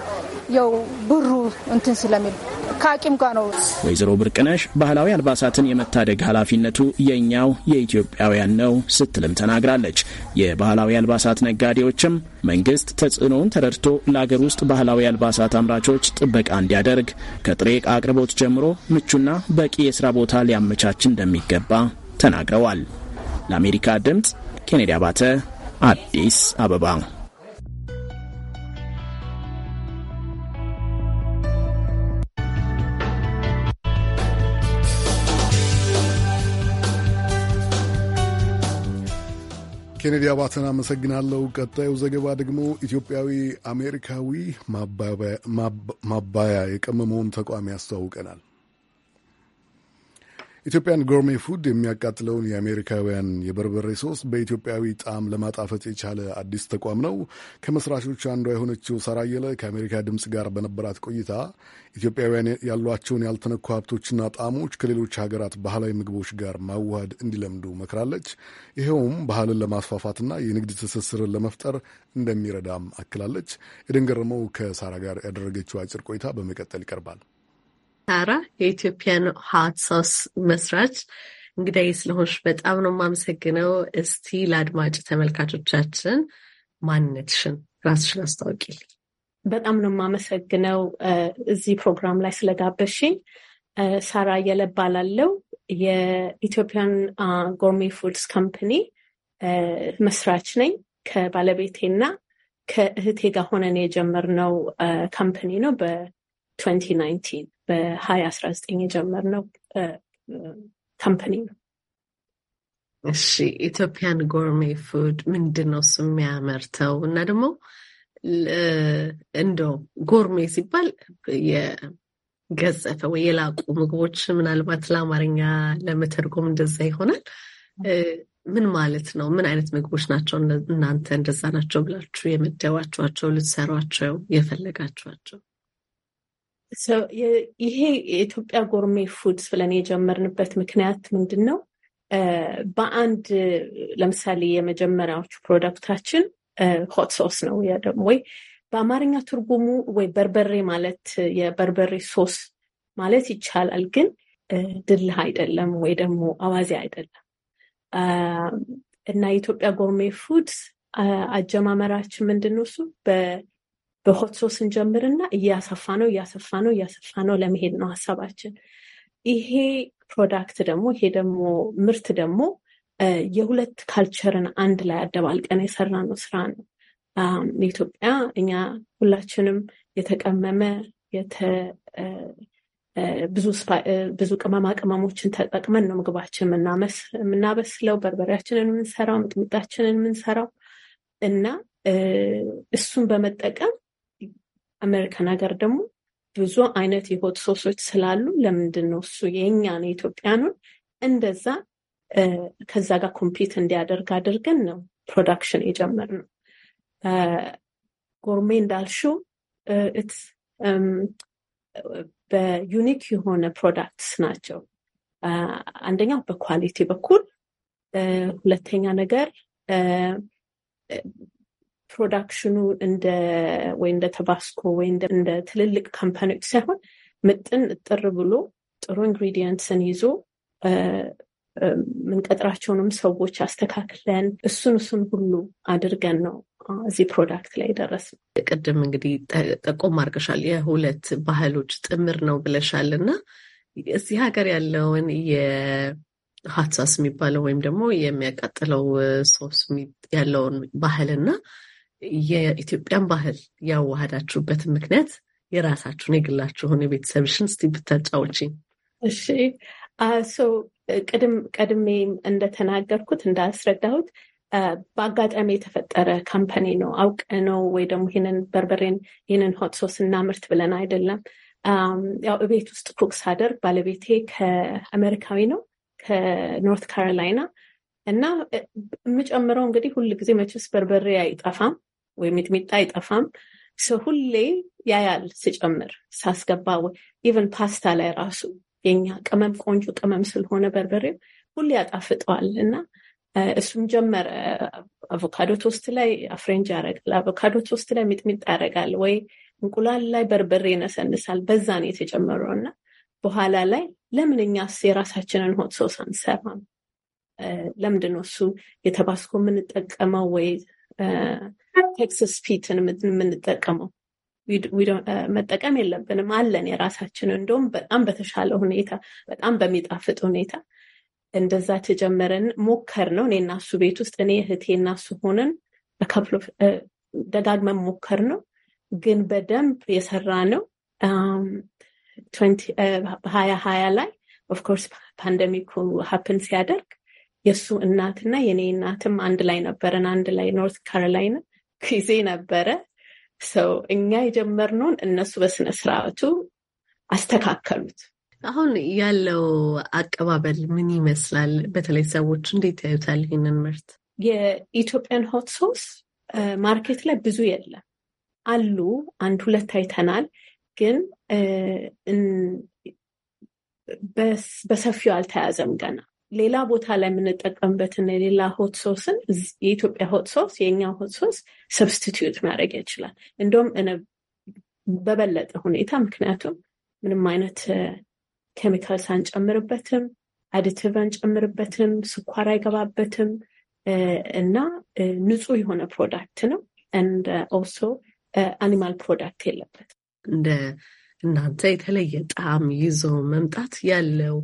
ያው ብሩ እንትን ስለሚል ከአቂም ጋር ነው። ወይዘሮ ብርቅነሽ ባህላዊ አልባሳትን የመታደግ ኃላፊነቱ የእኛው የኢትዮጵያውያን ነው ስትልም ተናግራለች። የባህላዊ አልባሳት ነጋዴዎችም መንግስት ተጽዕኖውን ተረድቶ ለአገር ውስጥ ባህላዊ አልባሳት አምራቾች ጥበቃ እንዲያደርግ ከጥሬ ዕቃ አቅርቦት ጀምሮ ምቹና በቂ የስራ ቦታ ሊያመቻች እንደሚገባ ተናግረዋል። ለአሜሪካ ድምፅ ኬኔዲ አባተ አዲስ አበባ ኬኔዲ አባተን አመሰግናለሁ። ቀጣዩ ዘገባ ደግሞ ኢትዮጵያዊ አሜሪካዊ ማባያ የቀመመውን ተቋም ያስተዋውቀናል። ኢትዮጵያን ጎርሜ ፉድ የሚያቃጥለውን የአሜሪካውያን የበርበሬ ሶስ በኢትዮጵያዊ ጣዕም ለማጣፈጥ የቻለ አዲስ ተቋም ነው። ከመስራቾቹ አንዷ የሆነችው ሳራየለ ከአሜሪካ ድምፅ ጋር በነበራት ቆይታ ኢትዮጵያውያን ያሏቸውን ያልተነኩ ሀብቶችና ጣዕሞች ከሌሎች ሀገራት ባህላዊ ምግቦች ጋር ማዋሃድ እንዲለምዱ መክራለች። ይኸውም ባህልን ለማስፋፋትና የንግድ ትስስርን ለመፍጠር እንደሚረዳም አክላለች። የደንገረመው ከሳራ ጋር ያደረገችው አጭር ቆይታ በመቀጠል ይቀርባል። ሳራ የኢትዮጵያን ሀት ሶስ መስራች እንግዳይ ስለሆንሽ በጣም ነው የማመሰግነው። እስቲ ለአድማጭ ተመልካቾቻችን ማንነትሽን ራስሽን አስታውቂ። በጣም ነው የማመሰግነው እዚህ ፕሮግራም ላይ ስለጋበሽኝ። ሳራ እየለባላለው የኢትዮጵያን ጎርሜ ፉድስ ካምፕኒ መስራች ነኝ። ከባለቤቴና ከእህቴ ጋር ሆነን የጀመርነው ካምፕኒ ነው በ2019 በ 2019 ዘጠኝ የጀመርነው ካምፓኒ ነው። እሺ ኢትዮጵያን ጎርሜ ፉድ ምንድን ነው እሱ የሚያመርተው? እና ደግሞ እንደው ጎርሜ ሲባል የገጸፈ ወይ የላቁ ምግቦች ምናልባት ለአማርኛ ለመተርጎም እንደዛ ይሆናል። ምን ማለት ነው? ምን አይነት ምግቦች ናቸው እናንተ እንደዛ ናቸው ብላችሁ የመደባችኋቸው ልትሰሯቸው የፈለጋችኋቸው? ይሄ የኢትዮጵያ ጎርሜ ፉድስ ብለን የጀመርንበት ምክንያት ምንድን ነው? በአንድ ለምሳሌ የመጀመሪያዎቹ ፕሮዳክታችን ሆት ሶስ ነው ወይ በአማርኛ ትርጉሙ ወይ በርበሬ ማለት የበርበሬ ሶስ ማለት ይቻላል። ግን ድልህ አይደለም ወይ ደግሞ አዋዜ አይደለም እና የኢትዮጵያ ጎርሜ ፉድስ አጀማመራችን ምንድን ነው እሱ በሆት ስንጀምር እንጀምርና እያሰፋ ነው እያሰፋ ነው እያሰፋ ነው ለመሄድ ነው ሀሳባችን። ይሄ ፕሮዳክት ደግሞ ይሄ ደግሞ ምርት ደግሞ የሁለት ካልቸርን አንድ ላይ አደባልቀን ነው ስራ ነው። ኢትዮጵያ እኛ ሁላችንም የተቀመመ ብዙ ቅመማ ቅመሞችን ተጠቅመን ነው ምግባችን የምናበስለው፣ በርበሬያችንን የምንሰራው፣ ምጥምጣችንን የምንሰራው እና እሱን በመጠቀም አሜሪካን ሀገር ደግሞ ብዙ አይነት የሆት ሶሶች ስላሉ ለምንድን ነው እሱ ነው ኢትዮጵያኑን እንደዛ ከዛ ጋር ኮምፒት እንዲያደርግ አድርገን ነው ፕሮዳክሽን የጀመርነው። ጎርሜ እንዳልሽው በዩኒክ የሆነ ፕሮዳክትስ ናቸው። አንደኛው በኳሊቲ በኩል ሁለተኛ ነገር ፕሮዳክሽኑ እንደ ወይ እንደ ተባስኮ ወይ እንደ ትልልቅ ካምፓኒዎች ሳይሆን ምጥን እጥር ብሎ ጥሩ ኢንግሪዲየንትስን ይዞ ምንቀጥራቸውንም ሰዎች አስተካክለን እሱን እሱን ሁሉ አድርገን ነው እዚህ ፕሮዳክት ላይ ደረስ ቅድም እንግዲህ ጠቆም አድርገሻል፣ የሁለት ባህሎች ጥምር ነው ብለሻል እና እዚህ ሀገር ያለውን የሀትሳስ የሚባለው ወይም ደግሞ የሚያቃጥለው ሶስ ያለውን ባህል እና የኢትዮጵያን ባህል ያዋሃዳችሁበትን ምክንያት የራሳችሁን የግላችሁን የቤተሰብሽን እስቲ ብታጫዎችኝ። እሺ ቀድሜ እንደተናገርኩት እንዳስረዳሁት በአጋጣሚ የተፈጠረ ካምፓኒ ነው። አውቅ ነው ወይ ደግሞ ይህንን በርበሬን ይህንን ሆት ሶስ እናምርት ብለን አይደለም። ያው እቤት ውስጥ ኩክ ሳደርግ ባለቤቴ ከአሜሪካዊ ነው ከኖርት ካሮላይና እና የምጨምረው እንግዲህ ሁል ጊዜ መችስ በርበሬ አይጠፋም ወይ ሚጥሚጣ አይጠፋም። ሰው ሁሌ ያያል ስጨምር ሳስገባ፣ ወይ ኢቨን ፓስታ ላይ ራሱ የኛ ቅመም ቆንጆ ቅመም ስለሆነ በርበሬው ሁሌ ያጣፍጠዋል እና እሱም ጀመረ። አቮካዶ ቶስት ላይ አፍሬንጅ ያደርጋል። አቮካዶ ቶስት ላይ ሚጥሚጣ ያደርጋል፣ ወይ እንቁላል ላይ በርበሬ ይነሰንሳል። በዛ ነው የተጨመረው እና በኋላ ላይ ለምን እኛስ የራሳችንን ሆት ሶስ አንሰራም? ለምንድን ነው እሱ የታባስኮ የምንጠቀመው ወይ ቴክስስ ፊትን የምንጠቀመው uh, መጠቀም የለብንም። አለን የራሳችን እንደውም በጣም በተሻለ ሁኔታ በጣም በሚጣፍጥ ሁኔታ እንደዛ ተጀመረን ሞከር ነው። እኔ እናሱ ቤት ውስጥ እኔ እህቴ እናሱ ሆነን በከፍሎ uh, ደጋግመን ሞከር ነው፣ ግን በደንብ የሰራ ነው ሀያ ሀያ ላይ ኦፍኮርስ ፓንደሚኩ ሀፕን ሲያደርግ የእሱ እናትና የእኔ እናትም አንድ ላይ ነበረን። አንድ ላይ ኖርት ካሮላይና ጊዜ ነበረ። ሰው እኛ የጀመርነውን እነሱ በስነስርዓቱ አስተካከሉት። አሁን ያለው አቀባበል ምን ይመስላል? በተለይ ሰዎች እንዴት ያዩታል ይህንን ምርት? የኢትዮጵያን ሆት ሶስ ማርኬት ላይ ብዙ የለም አሉ። አንድ ሁለት አይተናል፣ ግን በሰፊው አልተያዘም ገና ሌላ ቦታ ላይ የምንጠቀምበትን የሌላ ሆት ሶስን የኢትዮጵያ ሆት ሶስ የእኛ ሆት ሶስ ሰብስቲትዩት ማድረግ ይችላል። እንደውም በበለጠ ሁኔታ ምክንያቱም ምንም አይነት ኬሚካልስ አንጨምርበትም፣ አዲቲቭ አንጨምርበትም፣ ስኳር አይገባበትም እና ንጹህ የሆነ ፕሮዳክት ነው። እንድ ኦልሶ አኒማል ፕሮዳክት የለበትም። እንደ እናንተ የተለየ ጣዕም ይዞ መምጣት ያለው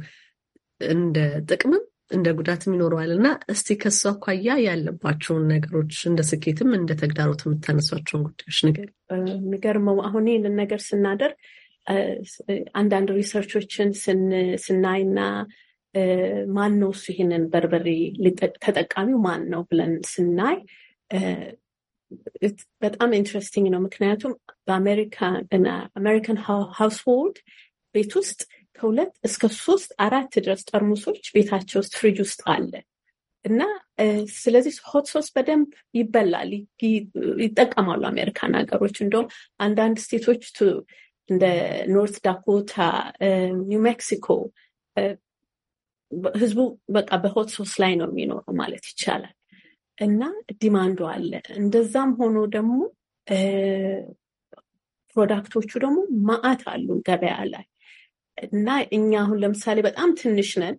እንደ ጥቅምም እንደ ጉዳትም ይኖረዋል እና እስቲ ከሱ አኳያ ያለባቸውን ነገሮች እንደ ስኬትም እንደ ተግዳሮት የምታነሷቸውን ጉዳዮች ንገሪኝ። የሚገርመው አሁን ይህንን ነገር ስናደርግ አንዳንድ ሪሰርቾችን ስናይና ማን ነው እሱ ይህንን በርበሬ ተጠቃሚው ማን ነው ብለን ስናይ በጣም ኢንትረስቲንግ ነው። ምክንያቱም አሜሪካን ሃውስሆልድ ቤት ውስጥ ከሁለት እስከ ሶስት አራት ድረስ ጠርሙሶች ቤታቸው ውስጥ ፍሪጅ ውስጥ አለ እና ስለዚህ ሆት ሶስ በደንብ ይበላል፣ ይጠቀማሉ አሜሪካን ሀገሮች። እንደውም አንዳንድ ስቴቶች እንደ ኖርት ዳኮታ፣ ኒው ሜክሲኮ ህዝቡ በቃ በሆት ሶስ ላይ ነው የሚኖረው ማለት ይቻላል። እና ዲማንዱ አለ። እንደዛም ሆኖ ደግሞ ፕሮዳክቶቹ ደግሞ ማአት አሉ ገበያ ላይ እና እኛ አሁን ለምሳሌ በጣም ትንሽ ነን።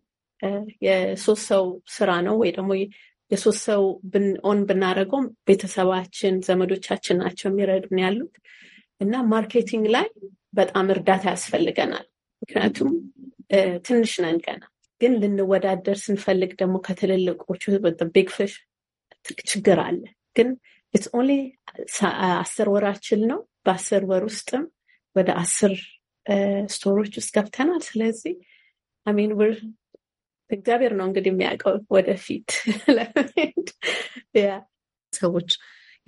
የሶስት ሰው ስራ ነው ወይ ደግሞ የሶስት ሰው ኦን ብናደርገውም ቤተሰባችን፣ ዘመዶቻችን ናቸው የሚረዱን ያሉት እና ማርኬቲንግ ላይ በጣም እርዳታ ያስፈልገናል። ምክንያቱም ትንሽ ነን ገና። ግን ልንወዳደር ስንፈልግ ደግሞ ከትልልቆቹ ቢግ ፊሽ ችግር አለ። ግን ኢትስ ኦንሊ አስር ወራችን ነው። በአስር ወር ውስጥም ወደ አስር ስቶሮች ውስጥ ገብተናል። ስለዚህ አሜን ውር እግዚአብሔር ነው እንግዲህ የሚያውቀው ወደፊት ለመሄድ ሰዎች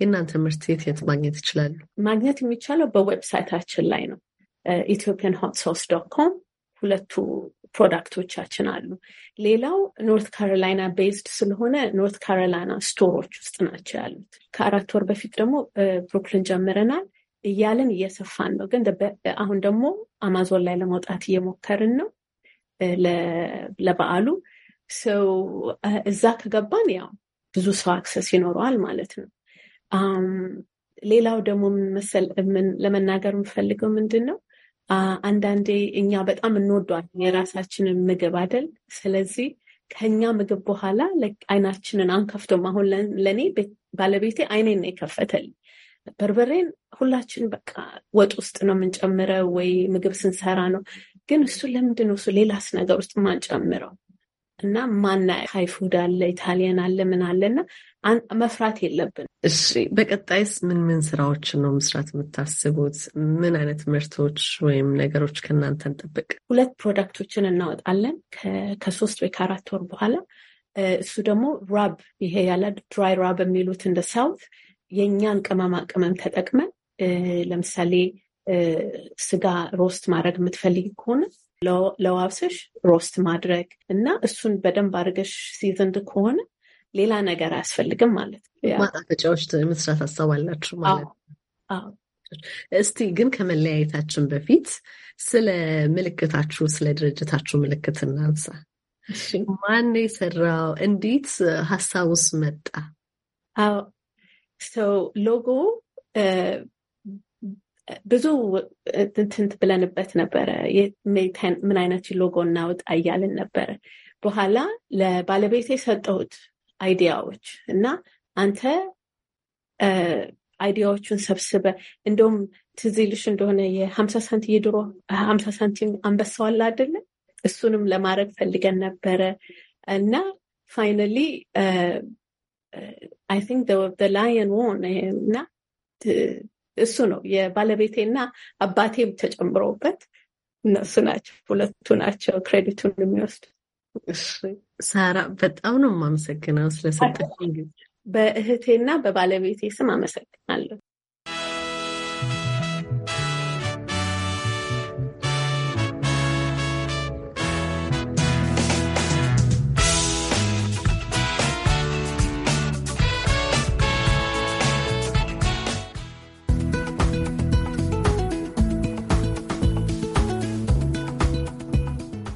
የእናንተ ምርት የት የት ማግኘት ይችላሉ? ማግኘት የሚቻለው በዌብሳይታችን ላይ ነው። ኢትዮጵያን ሆት ሶስ ዶት ኮም ሁለቱ ፕሮዳክቶቻችን አሉ። ሌላው ኖርት ካሮላይና ቤዝድ ስለሆነ ኖርት ካሮላይና ስቶሮች ውስጥ ናቸው ያሉት። ከአራት ወር በፊት ደግሞ ብሩክሊን ጀምረናል። እያለን እየሰፋን ነው። ግን አሁን ደግሞ አማዞን ላይ ለመውጣት እየሞከርን ነው ለበዓሉ ሰው እዛ ከገባን ያው ብዙ ሰው አክሰስ ይኖረዋል ማለት ነው። ሌላው ደግሞ ለመናገር የምፈልገው ምንድን ነው፣ አንዳንዴ እኛ በጣም እንወዷለን የራሳችንን ምግብ አይደል? ስለዚህ ከኛ ምግብ በኋላ አይናችንን አንከፍቶም። አሁን ለእኔ ባለቤቴ አይኔን ነው የከፈተልኝ። በርበሬን ሁላችን በቃ ወጥ ውስጥ ነው የምንጨምረው ወይ ምግብ ስንሰራ ነው። ግን እሱ ለምንድን ነው እሱ ሌላስ ነገር ውስጥ ማንጨምረው? እና ማና ሃይፉድ አለ ኢታሊያን አለ ምን አለ እና መፍራት የለብን። እሺ፣ በቀጣይስ ምን ምን ስራዎችን ነው መስራት የምታስቡት? ምን አይነት ምርቶች ወይም ነገሮች ከእናንተ እንጠብቅ? ሁለት ፕሮዳክቶችን እናወጣለን ከሶስት ወይ ከአራት ወር በኋላ። እሱ ደግሞ ራብ ይሄ ያለ ድራይ ራብ የሚሉት እንደ ሳውት የእኛን ቅመማ ቅመም ተጠቅመን ለምሳሌ ስጋ ሮስት ማድረግ የምትፈልግ ከሆነ ለዋብሰሽ ሮስት ማድረግ እና እሱን በደንብ አድርገሽ ሲዝንድ ከሆነ ሌላ ነገር አያስፈልግም ማለት ነው። ማጣፈጫዎች የመስራት አላችሁ ማለት ነው። እስቲ ግን ከመለያየታችን በፊት ስለ ምልክታችሁ ስለ ድርጅታችሁ ምልክት እናንሳ። ማን የሰራው? እንዴት ሀሳቡስ መጣ? ሎጎ uh, ብዙ ትንት ብለንበት ነበረ። ምን አይነት ሎጎ እናውጣ እያልን ነበረ። በኋላ ለባለቤት የሰጠሁት አይዲያዎች እና አንተ አይዲያዎቹን ሰብስበ እንደውም ትዝ ይልሽ እንደሆነ የሀምሳ ሳንቲም የድሮ ሀምሳ ሳንቲም አንበሳዋላ አይደለ? እሱንም ለማድረግ ፈልገን ነበረ እና ፋይናሊ አይ ቲንክ ዘ ላየን ዎን እና እሱ ነው የባለቤቴና አባቴም ተጨምሮበት እነሱ ናቸው ሁለቱ ናቸው ክሬዲቱን የሚወስዱ። ሳራ በጣም ነው የማመሰግነው ስለሰጠሽኝ ጊዜ። በእህቴና በባለቤቴ ስም አመሰግናለሁ።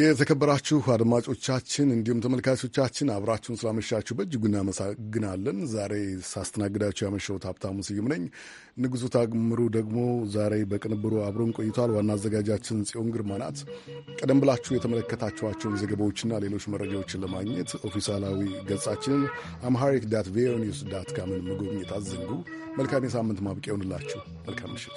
የተከበራችሁ አድማጮቻችን እንዲሁም ተመልካቾቻችን አብራችሁን ስላመሻችሁ በእጅጉ እናመሰግናለን። ዛሬ ሳስተናግዳችሁ ያመሸሁት ሀብታሙ ስዩም ነኝ። ንጉሱ ታምሩ ደግሞ ዛሬ በቅንብሩ አብሮን ቆይቷል። ዋና አዘጋጃችን ጽዮን ግርማ ናት። ቀደም ብላችሁ የተመለከታችኋቸውን ዘገባዎችና ሌሎች መረጃዎችን ለማግኘት ኦፊሳላዊ ገጻችንን አምሃሪክ ዳት ቪኦኤ ኒውስ ዳት ካምን መጎብኘት አዘንጉ። መልካም የሳምንት ማብቂያ ይሆንላችሁ። መልካም ምሽት።